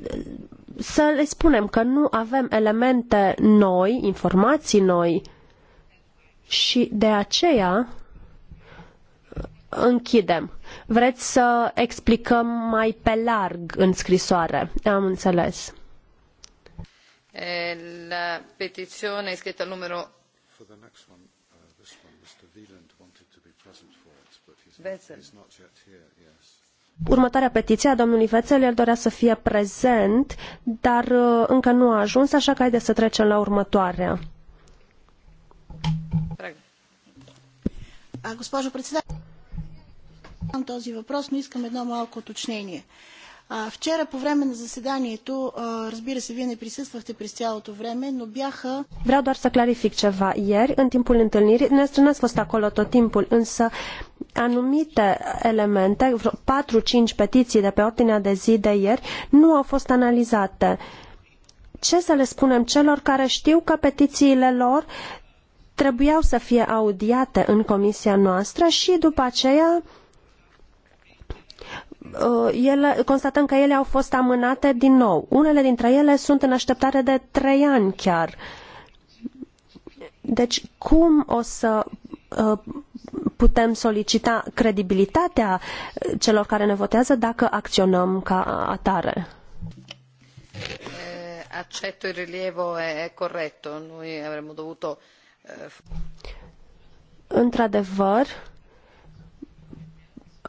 să le spunem că nu avem elemente noi, informații noi și de aceea uh, închidem. Vreți să explicăm mai pe larg în scrisoare? Am înțeles. Eh, la scrisă numărul Următoarea petiție a domnului Vețel, el dorea să fie prezent, dar uh, încă nu a ajuns, așa că haideți să trecem la următoarea. Госпожо председател, този въпрос, но искам едно малко уточнение. Вчера по време на заседанието, разбира се, вие не присъствахте през цялото време, но бяха... Vreau doar să clarific ceva. Ieri, în timpul întâlnirii, noastră n-ați fost acolo tot timpul, însă anumite elemente, 4-5 petiții de pe ordinea de zi de ieri, nu au fost analizate. Ce să le spunem celor care știu că petițiile lor trebuiau să fie audiate în comisia noastră și după aceea Uh, ele, constatăm că ele au fost amânate din nou. Unele dintre ele sunt în așteptare de trei ani chiar. Deci cum o să uh, putem solicita credibilitatea celor care ne votează dacă acționăm ca atare? Eh, accetto il rilievo, è corretto. Noi avremmo dovuto. Eh, Într-adevăr,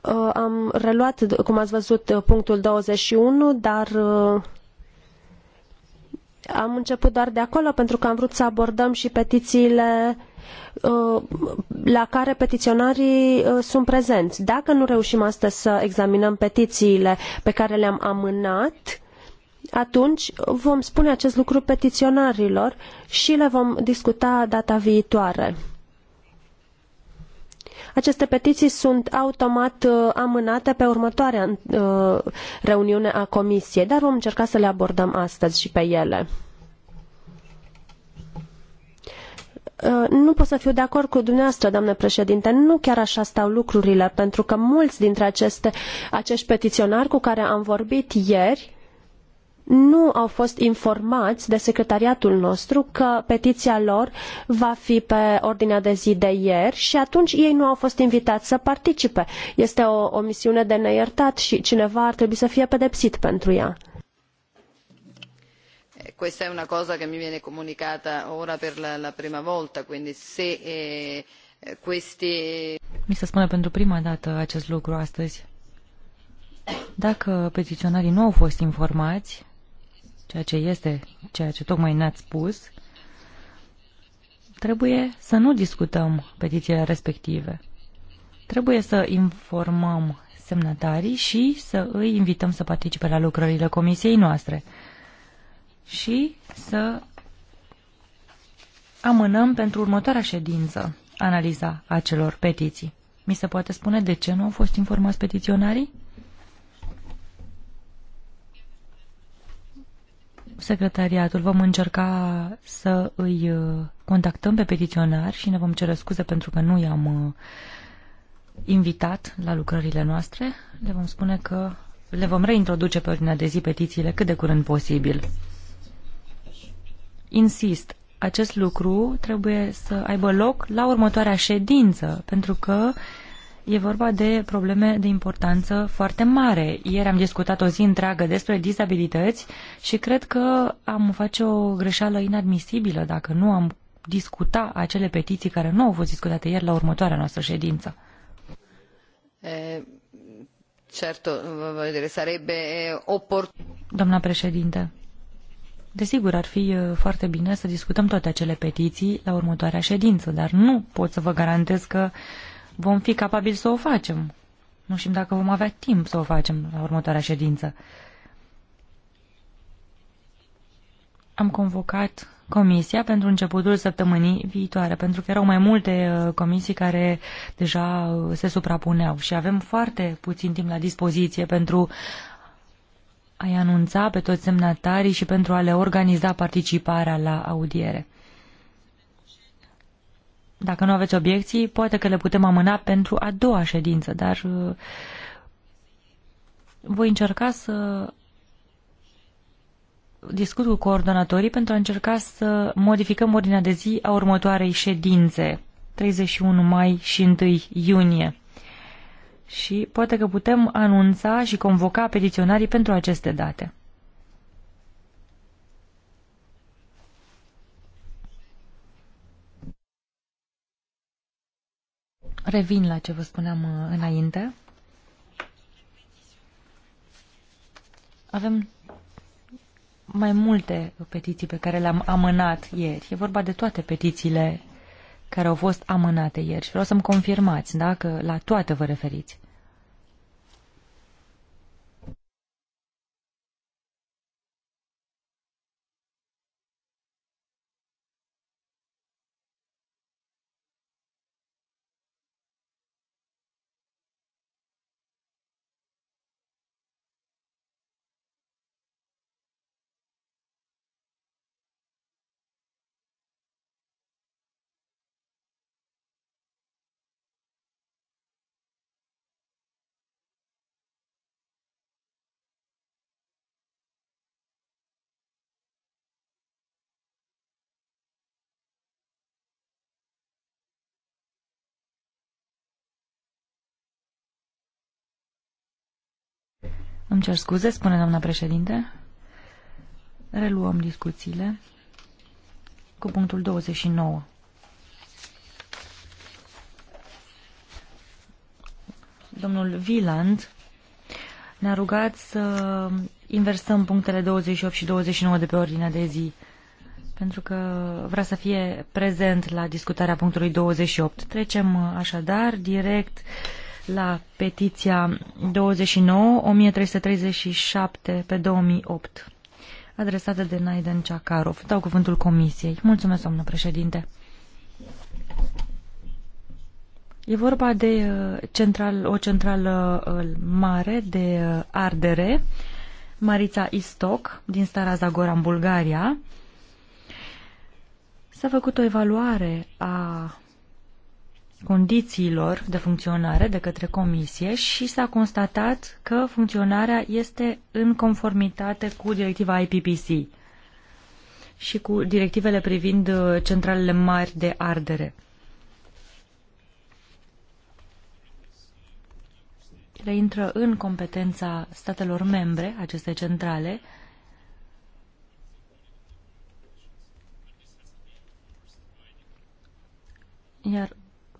Uh, am reluat, cum ați văzut, uh, punctul 21, dar uh, am început doar de acolo pentru că am vrut să abordăm și petițiile la care petiționarii sunt prezenți. Dacă nu reușim astăzi să examinăm petițiile pe care le-am amânat, atunci vom spune acest lucru petiționarilor și le vom discuta data viitoare. Aceste petiții sunt automat uh, amânate pe următoarea uh, reuniune a Comisiei, dar vom încerca să le abordăm astăzi și pe ele. Uh, nu pot să fiu de acord cu dumneavoastră, doamnă președinte. Nu chiar așa stau lucrurile, pentru că mulți dintre aceste, acești petiționari cu care am vorbit ieri nu au fost informați de secretariatul nostru că petiția lor va fi pe ordinea de zi de ieri și atunci ei nu au fost invitați să participe. Este o omisiune de neiertat și cineva ar trebui să fie pedepsit pentru ea. Questa è una cosa che mi viene comunicata ora per la, la prima volta, quindi se eh, questi... Mi spune pentru prima dată acest lucru astăzi. Dacă petiționarii nu au fost informați, ceea ce este ceea ce tocmai ne-ați spus, trebuie să nu discutăm petițiile respective. Trebuie să informăm semnatarii și să îi invităm să participe la lucrările comisiei noastre și să amânăm pentru următoarea ședință analiza acelor petiții. Mi se poate spune de ce nu au fost informați petiționarii? secretariatul vom încerca să îi uh, contactăm pe petiționari și ne vom cere scuze pentru că nu i-am uh, invitat la lucrările noastre. Le vom spune că le vom reintroduce pe ordinea de zi petițiile cât de curând posibil. Insist, acest lucru trebuie să aibă loc la următoarea ședință, pentru că uh, E vorba de probleme de importanță foarte mare. Ieri am discutat o zi întreagă despre dizabilități și cred că am face o greșeală inadmisibilă dacă nu am discuta acele petiții care nu au fost discutate ieri la următoarea noastră ședință. E, eh, certo, sarebbe eh, oportun... Doamna președinte, desigur ar fi eh, foarte bine să discutăm toate acele petiții la următoarea ședință, dar nu pot să vă garantez că vom fi capabili să o facem. Nu știm dacă vom avea timp să o facem la următoarea ședință. Am convocat comisia pentru începutul săptămânii viitoare, pentru că erau mai multe uh, comisii care deja uh, se suprapuneau și avem foarte puțin timp la dispoziție pentru a-i anunța pe toți semnatarii și pentru a le organiza participarea la audiere. Dacă nu aveți obiecții, poate că le putem amâna pentru a doua ședință, dar uh, voi încerca să discut cu coordonatorii pentru a încerca să modificăm ordinea de zi a următoarei ședințe, 31 mai și 1 iunie. Și poate că putem anunța și convoca petiționarii pentru aceste date. Revin la ce vă spuneam uh, înainte. Avem mai multe petiții pe care le-am amânat ieri. E vorba de toate petițiile care au fost amânate ieri și vreau să-mi confirmați dacă la toate vă referiți. Îmi cer scuze, spune doamna președinte. Reluăm discuțiile cu punctul 29. Domnul Viland ne-a rugat să inversăm punctele 28 și 29 de pe ordinea de zi, pentru că vrea să fie prezent la discutarea punctului 28. Trecem așadar direct uh, la petiția 29.1337 pe 2008 adresată de Naiden Ceacarov. Dau cuvântul comisiei. Mulțumesc, domnul președinte. E vorba de uh, central, o centrală uh, mare de ardere, uh, Marița Istoc, din Stara Zagora, în Bulgaria. S-a făcut o evaluare a condițiilor de funcționare de către comisie și s-a constatat că funcționarea este în conformitate cu directiva IPPC și cu directivele privind uh, centralele mari de ardere. Ele intră în competența statelor membre, aceste centrale, iar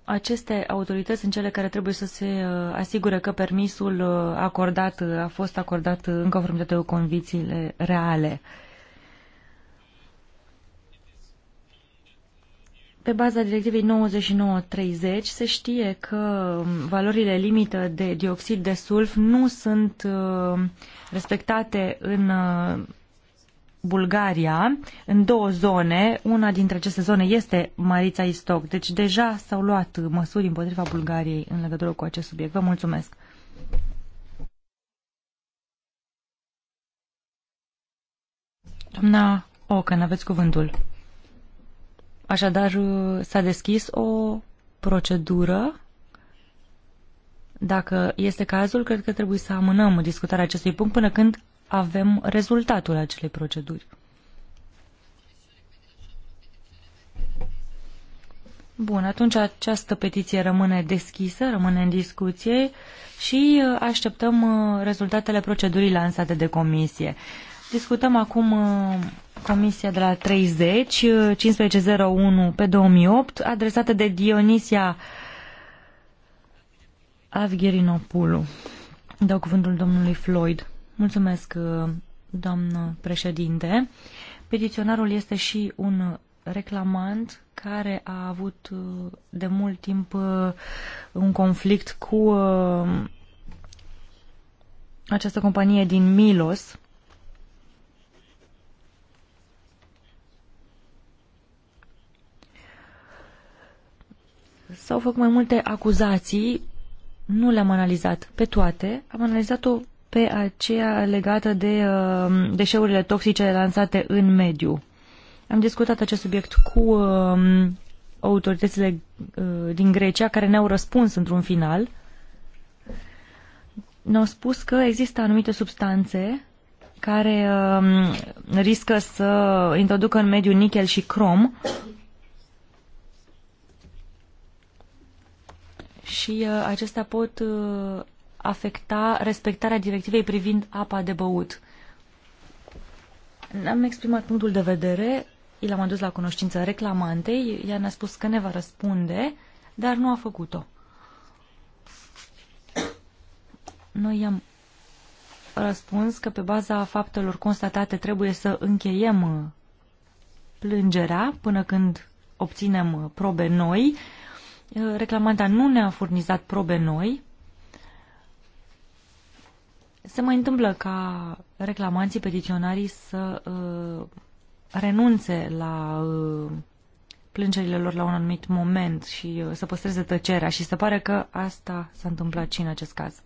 aceste autorități sunt cele care trebuie să se uh, asigure că permisul uh, acordat uh, a fost acordat în conformitate cu condițiile reale. Pe baza directivei 9930 se știe că um, valorile limită de dioxid de sulf nu sunt respectate în Bulgaria în două zone. Una dintre aceste zone este Marița Istoc. Deci deja s-au luat măsuri împotriva Bulgariei în legătură cu acest subiect. Vă mulțumesc! Doamna Ocan, aveți cuvântul. Așadar, s-a deschis o procedură. Dacă este cazul, cred că trebuie să amânăm discutarea acestui punct până când avem rezultatul acelei proceduri. Bun, atunci această petiție rămâne deschisă, rămâne în discuție și uh, așteptăm uh, rezultatele procedurii lansate de comisie. Discutăm acum uh, comisia de la 30, 1501 pe 2008, adresată de Dionisia Avgherinopulu. Dau cuvântul domnului Floyd. Mulțumesc, uh, doamnă președinte. Petiționarul este și un reclamant care a avut uh, de mult timp uh, un conflict cu această companie din Milos. S-au făcut mai multe acuzații, nu le-am analizat pe toate, am analizat o pe aceea legată de uh, deșeurile toxice lansate în mediu. Am discutat acest subiect cu um, autoritățile uh, din Grecia, care ne-au răspuns într-un final. Ne-au spus că există anumite substanțe care um, riscă să introducă în mediu nichel și crom, și uh, acestea pot uh, afecta respectarea directivei privind apa de băut. Ne-am exprimat punctul de vedere, i l-am adus la cunoștință reclamantei, ea ne-a spus că ne va răspunde, dar nu a făcut-o. Noi am răspuns că pe baza faptelor constatate trebuie să încheiem uh, plângerea până când obținem uh, probe noi. Uh, reclamanta nu ne-a furnizat probe noi, se mai întâmplă ca reclamanții, petiționarii să uh, renunțe la uh, plângerile lor la un anumit moment și uh, să păstreze tăcerea și se pare că asta s-a întâmplat și în acest caz.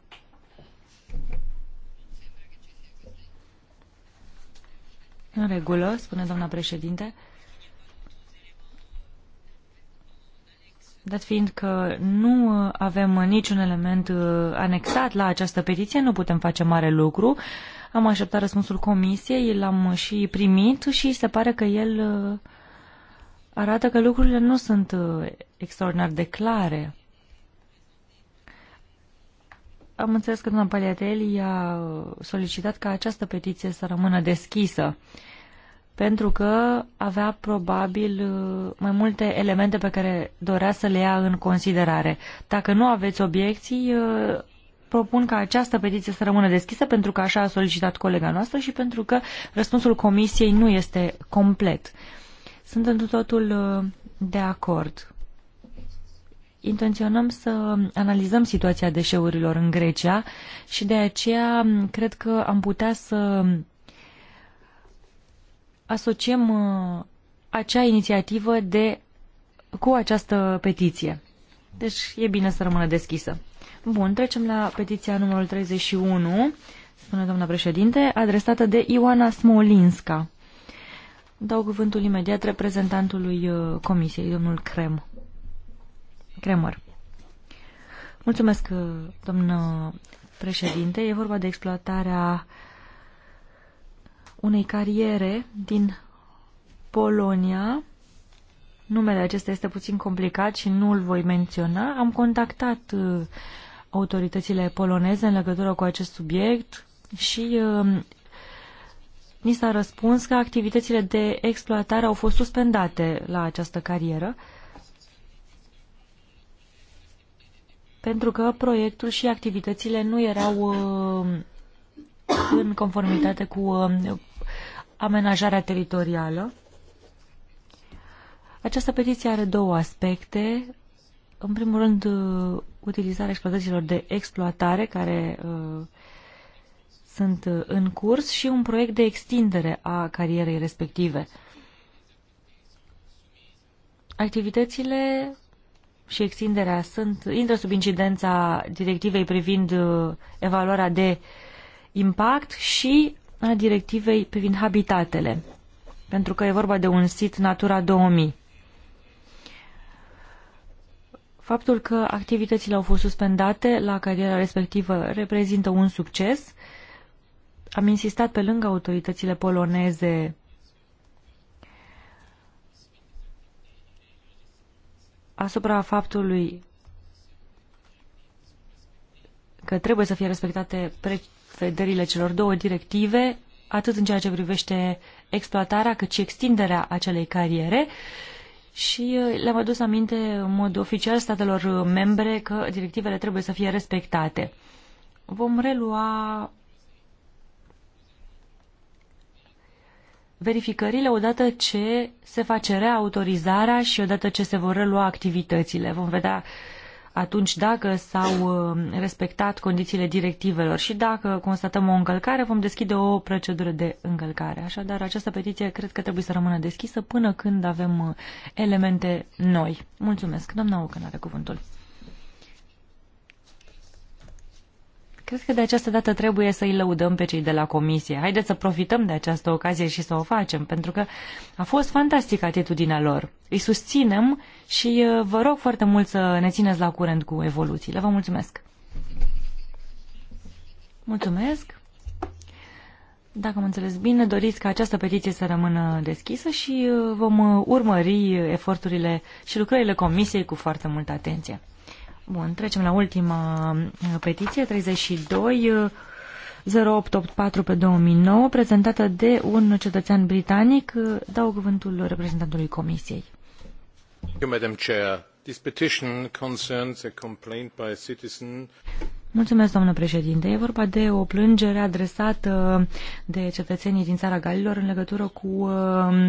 În regulă, spune doamna președinte. Uh, Dat fiind că nu avem niciun element uh, anexat la această petiție, nu putem face mare lucru. Am așteptat răspunsul comisiei, l-am și primit și se pare că el uh, arată că lucrurile nu sunt uh, extraordinar de clare. Am înțeles că doamna Paliatelli a solicitat ca această petiție să rămână deschisă. Uh, pentru că avea probabil uh, mai multe elemente pe care dorea să le ia în considerare. Dacă nu aveți obiecții, uh, propun ca această petiție să rămână deschisă pentru că așa a solicitat colega noastră și pentru că răspunsul comisiei nu este complet. Sunt întru totul uh, de acord. Intenționăm să analizăm situația deșeurilor în Grecia și de aceea um, cred că am putea să asociem uh, acea inițiativă de, cu această petiție. Deci e bine să rămână deschisă. Bun, trecem la petiția numărul 31, spune doamna președinte, adresată de Ioana Smolinska. Dau cuvântul imediat reprezentantului uh, comisiei, domnul Crem. Cremăr. Mulțumesc, uh, doamnă președinte. E vorba de exploatarea unei cariere din Polonia. Numele acesta este puțin complicat și nu îl voi menționa. Am contactat uh, autoritățile poloneze în legătură cu acest subiect și um, ni s-a răspuns că activitățile de exploatare au fost suspendate la această carieră pentru că proiectul și activitățile nu erau uh, în conformitate cu um, amenajarea teritorială. Această petiție are două aspecte. În primul rând, uh, utilizarea exploatațiilor de exploatare care uh, sunt uh, în curs și un proiect de extindere a carierei respective. Activitățile și extinderea sunt, intră sub incidența directivei privind evaluarea de uh, impact și a directivei privind habitatele, pentru că e vorba de un sit Natura 2000. Faptul că activitățile au fost suspendate la cariera respectivă reprezintă un succes. Am insistat pe lângă autoritățile poloneze asupra faptului că trebuie să fie respectate pre vederile celor două directive, atât în ceea ce privește exploatarea, cât și extinderea acelei cariere și uh, le-am adus aminte în mod oficial statelor uh, membre că directivele trebuie să fie respectate. Vom relua verificările odată ce se face reautorizarea și odată ce se vor relua activitățile. Vom vedea uh, atunci dacă s-au uh, respectat condițiile directivelor și dacă constatăm o încălcare, vom deschide o procedură de încălcare. Așadar, această petiție cred că trebuie să rămână deschisă până când avem uh, elemente noi. Mulțumesc. Doamna Ocă are cuvântul. Cred că de această dată trebuie să-i lăudăm pe cei de la comisie. Haideți să profităm de această ocazie și să o facem, pentru că a fost fantastică atitudinea lor. Îi susținem și uh, vă rog foarte mult să ne țineți la curent cu evoluțiile. Vă mulțumesc! Mulțumesc! Dacă am înțeles bine, doriți ca această petiție să rămână deschisă și uh, vom uh, urmări eforturile și lucrările comisiei cu foarte multă atenție. Bun, trecem la ultima uh, petiție, 32 0884 uh, pe 2009, prezentată de un cetățean britanic. Uh, dau cuvântul reprezentantului Comisiei. Mulțumesc, doamnă președinte. E vorba de o plângere adresată de cetățenii din țara Galilor în legătură cu uh,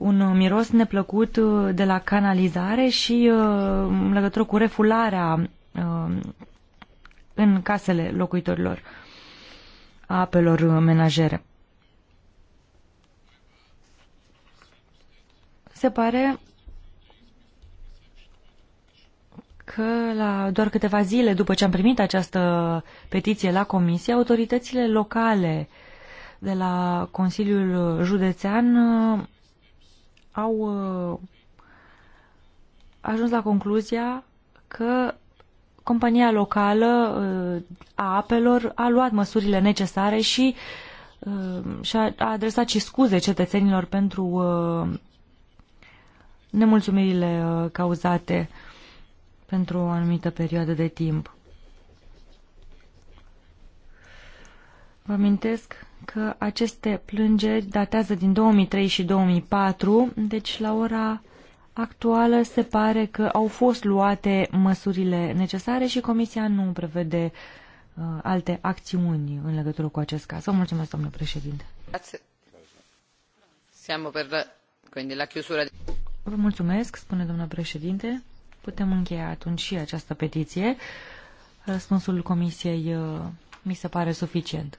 un uh, miros neplăcut uh, de la canalizare și uh, în legătură cu refularea în casele locuitorilor a apelor menajere. Se pare că la doar câteva zile după ce am primit această petiție la comisie, autoritățile locale de la Consiliul Județean au uh, ajuns la concluzia că compania locală uh, a apelor a luat măsurile necesare și uh, și-a adresat și scuze cetățenilor pentru nemulțumirile cauzate pentru o anumită perioadă de timp. Vă amintesc că aceste plângeri datează din 2003 și 2004, deci la ora actuală se pare că au fost luate măsurile necesare și Comisia nu prevede uh, alte acțiuni în legătură cu acest caz. Vă mulțumesc, domnule președinte. Vă mulțumesc, spune domnul președinte. Putem încheia atunci și această petiție. Răspunsul Comisiei uh, mi se pare suficient.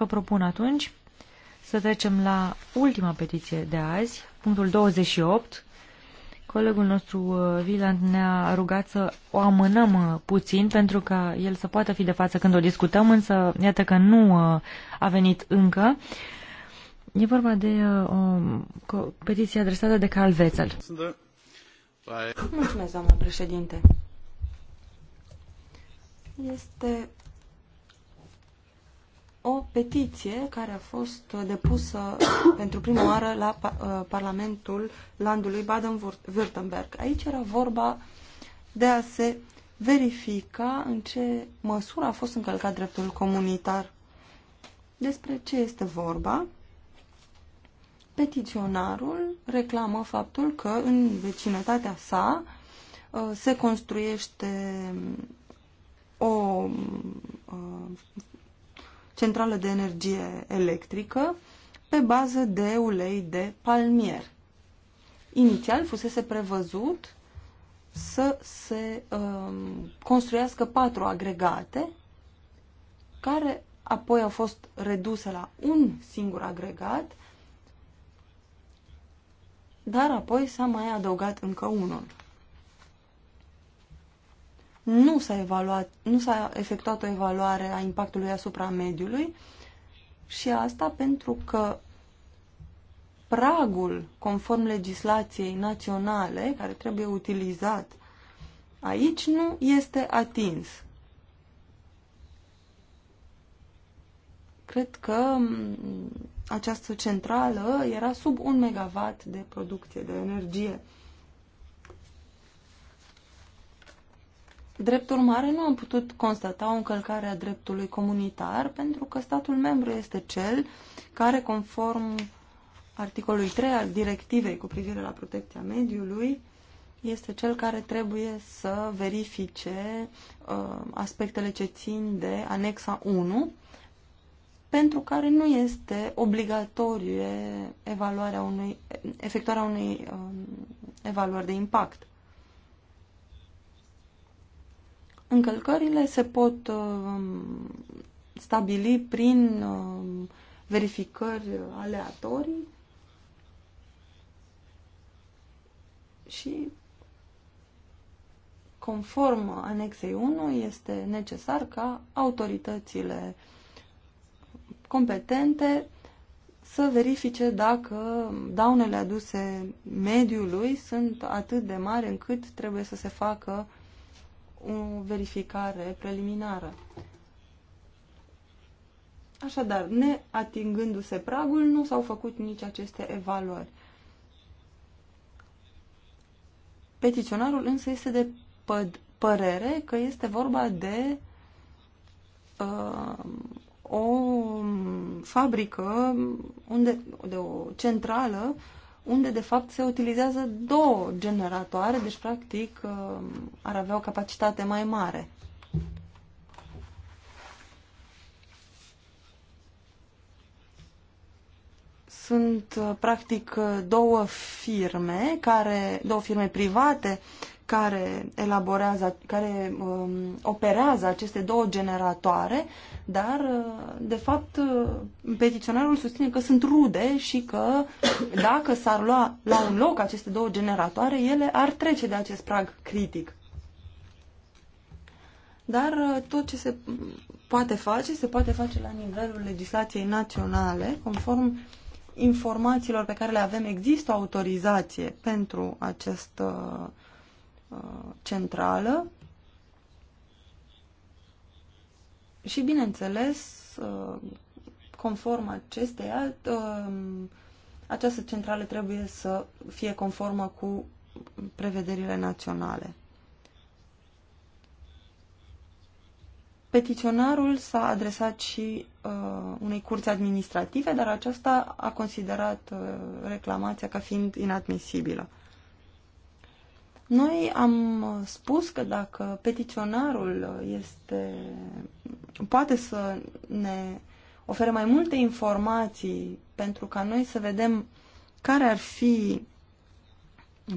Vă propun atunci să trecem la ultima petiție de azi, punctul 28. Colegul nostru Viland uh, ne-a rugat să o amânăm uh, puțin pentru că el să poată fi de față când o discutăm, însă iată că nu uh, a venit încă. E vorba de o petiție adresată de Carl Wetzel. Mulțumesc, doamnă președinte. Este o petiție care a fost depusă pentru prima oară la uh, Parlamentul landului Baden-Württemberg. Aici era vorba de a se verifica în ce măsură a fost încălcat dreptul comunitar. Despre ce este vorba? Petiționarul reclamă faptul că în vecinătatea sa uh, se construiește o um, uh, centrală de energie electrică pe bază de ulei de palmier. Inițial fusese prevăzut să se um, construiască patru agregate care apoi au fost reduse la un singur agregat, dar apoi s-a mai adăugat încă unul nu s-a, evaluat, nu s-a efectuat o evaluare a impactului asupra mediului și asta pentru că pragul conform legislației naționale care trebuie utilizat aici nu este atins. Cred că această centrală era sub un megawatt de producție de energie. Drept urmare, nu am putut constata o încălcare a dreptului comunitar, pentru că statul membru este cel care, conform articolului 3 al directivei cu privire la protecția mediului, este cel care trebuie să verifice uh, aspectele ce țin de anexa 1, pentru care nu este obligatorie evaluarea unui, efectuarea unei uh, evaluări de impact. încălcările se pot uh, stabili prin uh, verificări aleatorii și conform anexei 1 este necesar ca autoritățile competente să verifice dacă daunele aduse mediului sunt atât de mari încât trebuie să se facă uh, o verificare preliminară. Așadar, ne atingându-se pragul, nu s-au făcut nici aceste evaluări. Petiționarul însă este de părere că este vorba de uh, o fabrică, unde, de o centrală unde de fapt se utilizează două generatoare, deci practic uh, ar avea o capacitate mai mare. Sunt uh, practic uh, două firme care, două firme private care elaborează, care um, operează aceste două generatoare, dar uh, de fapt uh, petiționarul susține că sunt rude și că dacă s-ar lua la un loc aceste două generatoare, ele ar trece de acest prag critic. Dar uh, tot ce se poate face, se poate face la nivelul legislației naționale, conform informațiilor pe care le avem, există autorizație pentru acest uh, centrală și, bineînțeles, conform acesteia, această centrală trebuie să fie conformă cu prevederile naționale. Petiționarul s-a adresat și uh, unei curți administrative, dar aceasta a considerat uh, reclamația ca fiind inadmisibilă. Noi am spus că dacă petiționarul este, poate să ne ofere mai multe informații pentru ca noi să vedem care ar fi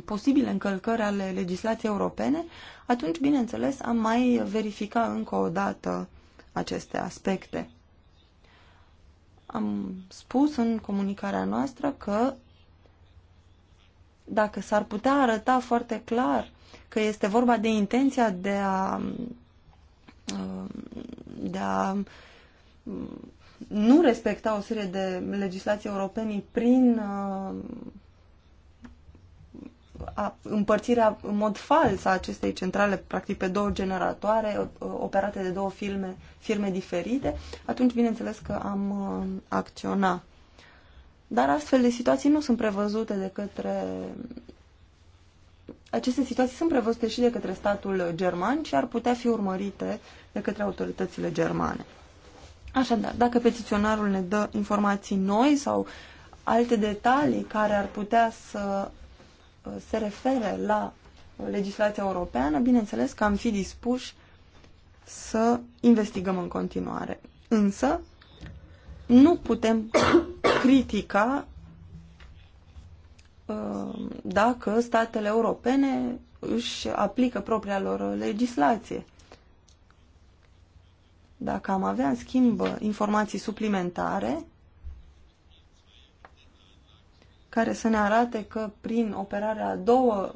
posibile încălcări ale legislației europene, atunci, bineînțeles, am mai verifica încă o dată aceste aspecte. Am spus în comunicarea noastră că dacă s-ar putea arăta foarte clar că este vorba de intenția de a, uh, de a nu respecta o serie de legislații europene prin uh, a, împărțirea în mod fals a acestei centrale, practic pe două generatoare, operate de două firme, firme diferite, atunci bineînțeles că am uh, acționat. Dar astfel de situații nu sunt prevăzute de către... Aceste situații sunt prevăzute și de către statul german și ar putea fi urmărite de către autoritățile germane. Așadar, dacă petiționarul ne dă informații noi sau alte detalii care ar putea să uh, se refere la legislația europeană, bineînțeles că am fi dispuși să investigăm în continuare. Însă, nu putem critica uh, dacă statele europene își aplică propria lor legislație. Dacă am avea, în schimb, informații suplimentare care să ne arate că prin operarea a două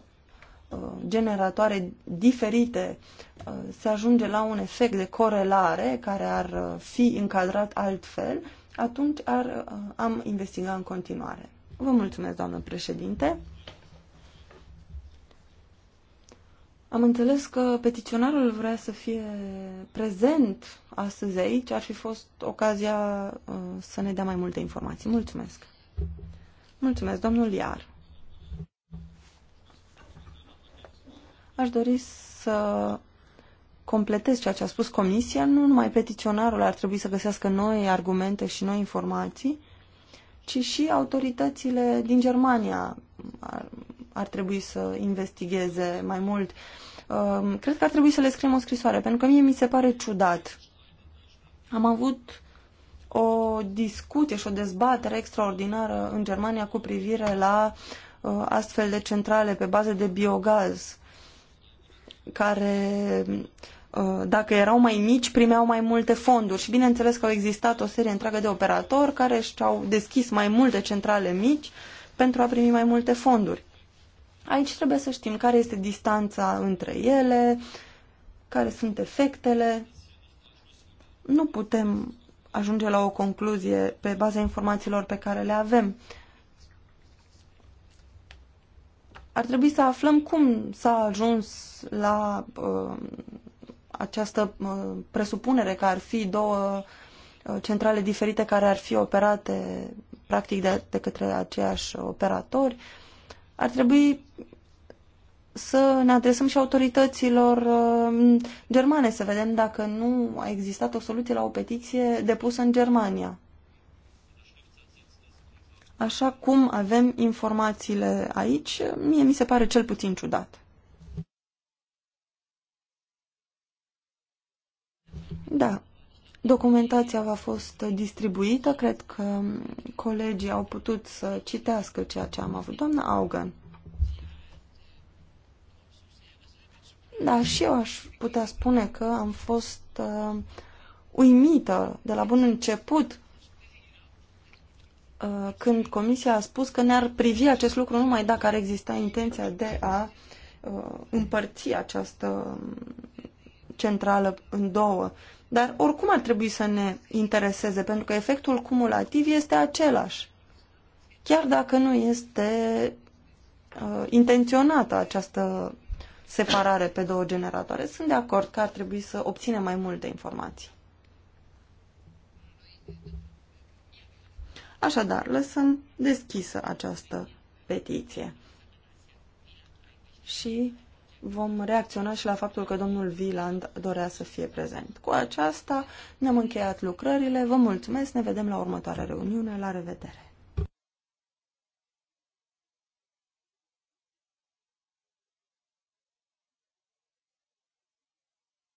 uh, generatoare diferite uh, se ajunge la un efect de corelare care ar fi încadrat altfel, atunci ar, uh, am investiga în continuare. Vă mulțumesc, doamnă președinte. Am înțeles că petiționarul vrea să fie prezent astăzi aici. Ar fi fost ocazia uh, să ne dea mai multe informații. Mulțumesc. Mulțumesc, domnul Iar. Aș dori să completez ceea ce a spus Comisia, nu numai petiționarul ar trebui să găsească noi argumente și noi informații, ci și autoritățile din Germania ar, ar trebui să investigheze mai mult. Um, cred că ar trebui să le scriem o scrisoare, pentru că mie mi se pare ciudat. Am avut o discuție și o dezbatere extraordinară în Germania cu privire la uh, astfel de centrale pe bază de biogaz care uh, Uh, dacă erau mai mici, primeau mai multe fonduri și bineînțeles că au existat o serie întreagă de operatori care și-au deschis mai multe centrale mici pentru a primi mai multe fonduri. Aici trebuie să știm care este distanța între ele, care sunt efectele. Nu putem ajunge la o concluzie pe baza informațiilor pe care le avem. Ar trebui să aflăm cum s-a ajuns la uh, această uh, presupunere că ar fi două uh, centrale diferite care ar fi operate practic de, de către aceiași operatori, ar trebui să ne adresăm și autorităților uh, germane, să vedem dacă nu a existat o soluție la o petiție depusă în Germania. Așa cum avem informațiile aici, mie mi se pare cel puțin ciudat. Da, documentația a fost distribuită, cred că colegii au putut să citească ceea ce am avut. Doamna Augan. Da, și eu aș putea spune că am fost uh, uimită de la bun început uh, când Comisia a spus că ne-ar privi acest lucru numai dacă ar exista intenția de a uh, împărți această centrală în două. Dar oricum ar trebui să ne intereseze, pentru că efectul cumulativ este același. Chiar dacă nu este uh, intenționată această separare pe două generatoare, sunt de acord că ar trebui să obținem mai multe informații. Așadar, lăsăm deschisă această petiție. Și vom reacționa și la faptul că domnul Viland dorea să fie prezent. Cu aceasta ne-am încheiat lucrările, vă mulțumesc, ne vedem la următoarea reuniune, la revedere!